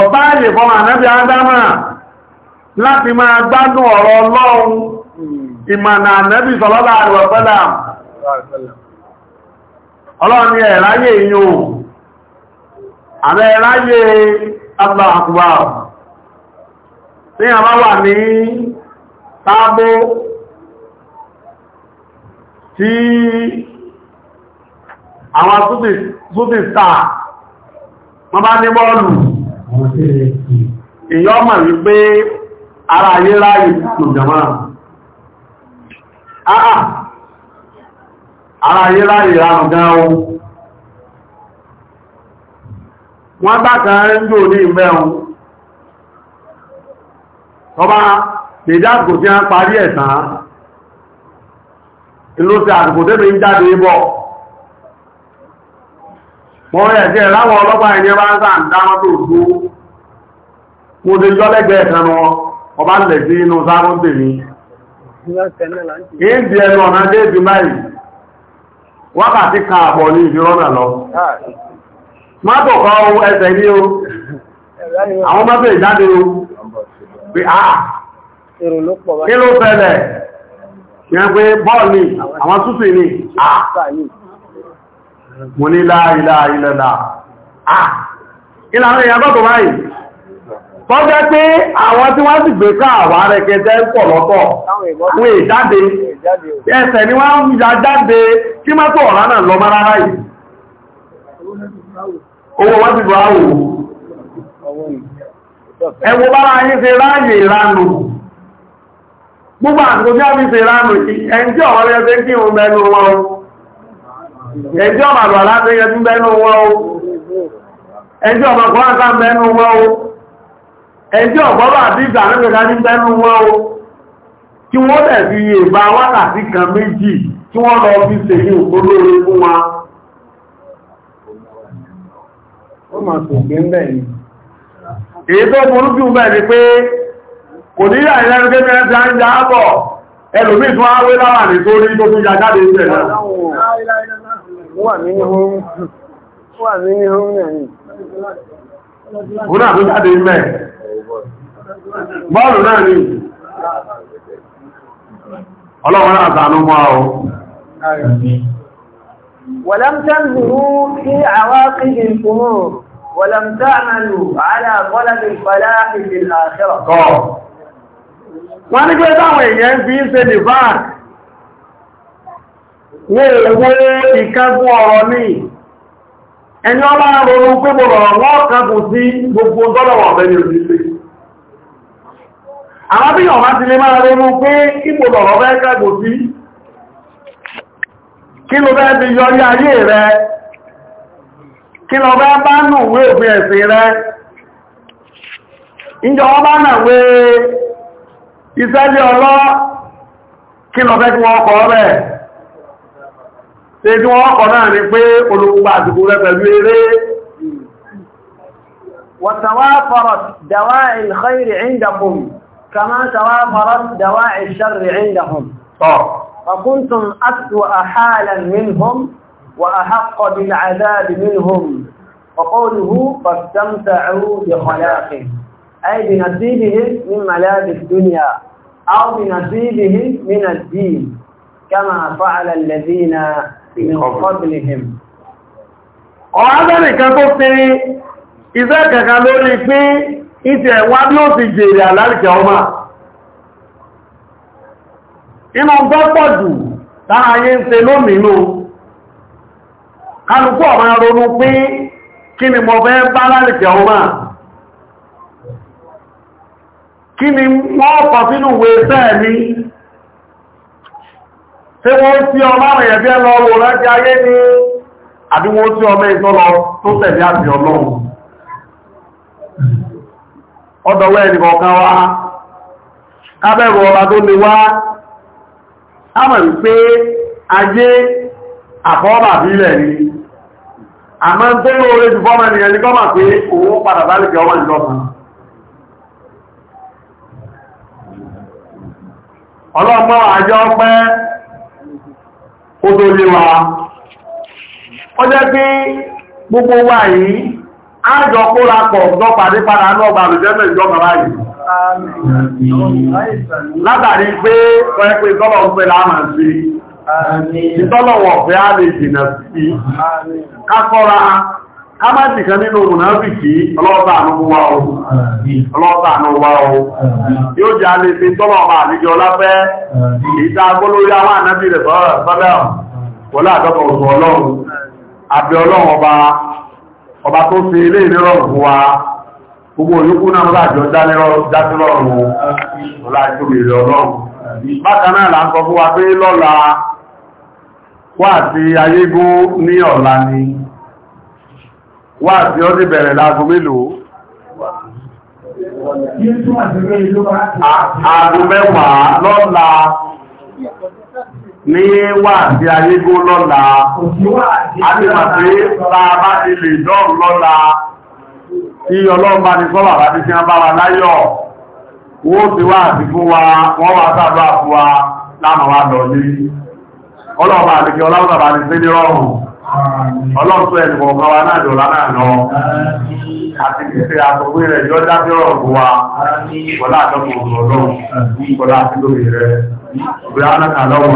ọ̀tá àyè fọ́mà ànábì ádámà láti máa gbádùn ọ̀rọ̀ ọlọ́run ìmànà ànábì sọ̀lọ́lá àrùwẹ̀fẹ́lá ọlọ́run ni ẹ̀ráyè yíò àmẹ́ ẹ̀ráyè agbàkùwà tí a bá wà ní tábó tí àwọn sútìstáà wọ́n bá ní bọ́ọ̀lù ìyọ́ èyọ́ mà wípé ara ayé láyé lòjàmá àà ara ayé láyé àrùgá ohun wọ́n bákà ń jò ní ìmẹ́un ọba ìdáàkò tí a ń parí ẹ̀sán ìlú ti àdìkò tẹ́bẹ̀ ń jáde bọ́ wọ́n yẹ̀ jẹ́ ẹ̀láwọ̀ ọlọ́pàá ẹ̀yẹ bá ń sáà ń dáná tó tó mo ti lọ́lẹ́gbẹ̀ẹ́ kan ọba lẹ̀ sí inú sáwọn tèmi ẹnu ọ̀nà báyìí wákàtí kan ní ìfirọ́nà lọ o ẹsẹ̀ ní o àwọn a kí ló fẹ́lẹ̀ yẹn pé bọ́ọ̀lì àwọn mo ní láàrílá ah ìlànà èèyàn tó báyìí tó jẹ́ pé àwọn tí wọ́n sì gbé káàwà rẹ̀kẹ́jẹ́ pọ̀ lọ́pọ̀ wọ́n ìjáde ẹsẹ̀ ni wọ́n ń ya jáde kí mọ́tò ọ̀rá náà lọ mara rárá owó wọ́n ti bọ̀ áwò a ẹjọ́ màlúwà láti yẹjú mẹ́nu wọ́n o ẹjọ́ ọmọkùnrin ń mẹ́nu wọ́n o ẹjọ́ ọ̀gbọ́bà àbíjà nígbèdá ní mẹ́nu o kí wọ́n lẹ̀ fi wákàtí kan méjì tí wọ́n lọ fi fún wa jù bẹ̀ ni pé kò kékeré ti ń wà mí ní hóun wà mí ní hóun náà ni. òun náà tó jáde mẹ́ bọ́ọ̀lù náà ni ọlọ́run náà sànú mọ́ ọ. ولم تنظروا في عواقب الأمور ولم ní pé táwọn èèyàn fi ń wọ́n èwo ìkẹ́gùn ọ̀rọ̀ ní ẹni ọlọ́rọ̀ orí pé bọ̀rọ̀ wọ́n kẹ́gùn sí gbogbo tọ́lọ̀wọ̀ ọ̀bẹ̀ni òjíṣẹ́ àwọn bí ọ̀má ti lè máa ronú pé ìbòlọ̀rọ̀ bẹ́ kẹ́gùn sí kí ló bẹ́ rẹ kí ló bẹ́ bá nùwé òfin ẹ̀sìn rẹ ìjọ ọba wọ́n kọ̀ náà ni pé rẹ̀ pẹ̀lú eré. وتوافرت دواء الخير عندكم كما توافرت دواء الشر عندهم اه. فكنتم أسوأ حالا منهم وأحق بالعذاب منهم وقوله فاستمتعوا بخلاقهم أي بنصيبهم من ملاذ الدنيا أو بنصيبهم من الدين كما فعل الذين ọ̀hábẹ́ nìkan tó fi iṣẹ́ kẹ̀kẹ́ lórí pé ìtẹ̀ wá bí ó ti jèrè àlárìkẹ̀ ọmọ inú gbọ́pọ̀ jù lára ayé ń ṣe lómìnú kálukú ọ̀mọ ronú pé kí ni mo fẹ́ bá lárìkẹ̀ ọmọ kí ni wọ́n pọ̀ sínú wẹ́ẹ̀ẹ́ tí wọ́n tí ọmọ àwọn bí ẹ ọlọ wò láti ayé ní tí ọmọ ìtọ́ tó tẹ̀lé àti ọlọ́run ọdọ̀wọ́ ẹnìkọ̀ọ̀kan wá kábẹ̀rù ọba tó lè wá ayé àfọ́ọ̀mà bílẹ̀ ni àmọ́ tó lóore jù ó tó lé wa wọ́n jẹ́ pé gbogbo wa yìí ájọ kóra pọ̀ lọ́pàdé padà ní ọgbà àlùjẹ́mẹ̀ ìjọba báyìí látàrí pé ọ̀rẹ́ pé tọ́lọ̀ ń pẹ́ láàmà sí ìtọ́lọ̀wọ̀ fẹ́ á lè jìnà sí kákọ́ra a máa ti kan nínú mùnáàbì kí ọlọ́ọ̀bà àánú wá o ọlọ́ọ̀bà àánú wá o yóò jẹ́ alẹ́ fi tọ́lọ̀ọ̀bà àníjọ lábẹ́ ìta agbólórí àwọn ànábì rẹ̀ bọ́lẹ̀ wọlé àdọ́kọ̀ ọ̀sọ̀ ọlọ́run àbẹ̀ ọlọ́run ọba ọba tó ṣe ilé ìrírọ̀rùn fún wa gbogbo olókún náà bá jọ dánilọ́rùn ọlá ìtòmì ìrẹ̀ ọlọ́run bákan náà là ń sọ fún wa pé lọ́la wà sí ayégún ní ọ̀la ni wá sí ó ti bẹ̀rẹ̀ láago mélòó aago mẹ́wàá lọ́la ní wà sí ayégó lọ́la a ti bá ti lè dọ́ọ̀ lọ́la tí ọlọ́run bá ní sọ́wà bá ti wa láyọ̀ wó ti wá àti fún wa wọ́n wá wa lọ Ọlọ́pẹ́ ẹ̀dùn ọ̀gá wa náà dọ̀lá náà lọ. Àti ìfẹ́ àtọ̀gbé rẹ̀ yọ dábẹ́ ọ̀gbọ̀ wa. Bọ̀lá àtọ́kùn ọlọ́run. Bọ̀lá àti rẹ̀. Bọ̀lá náà lọ́wọ́.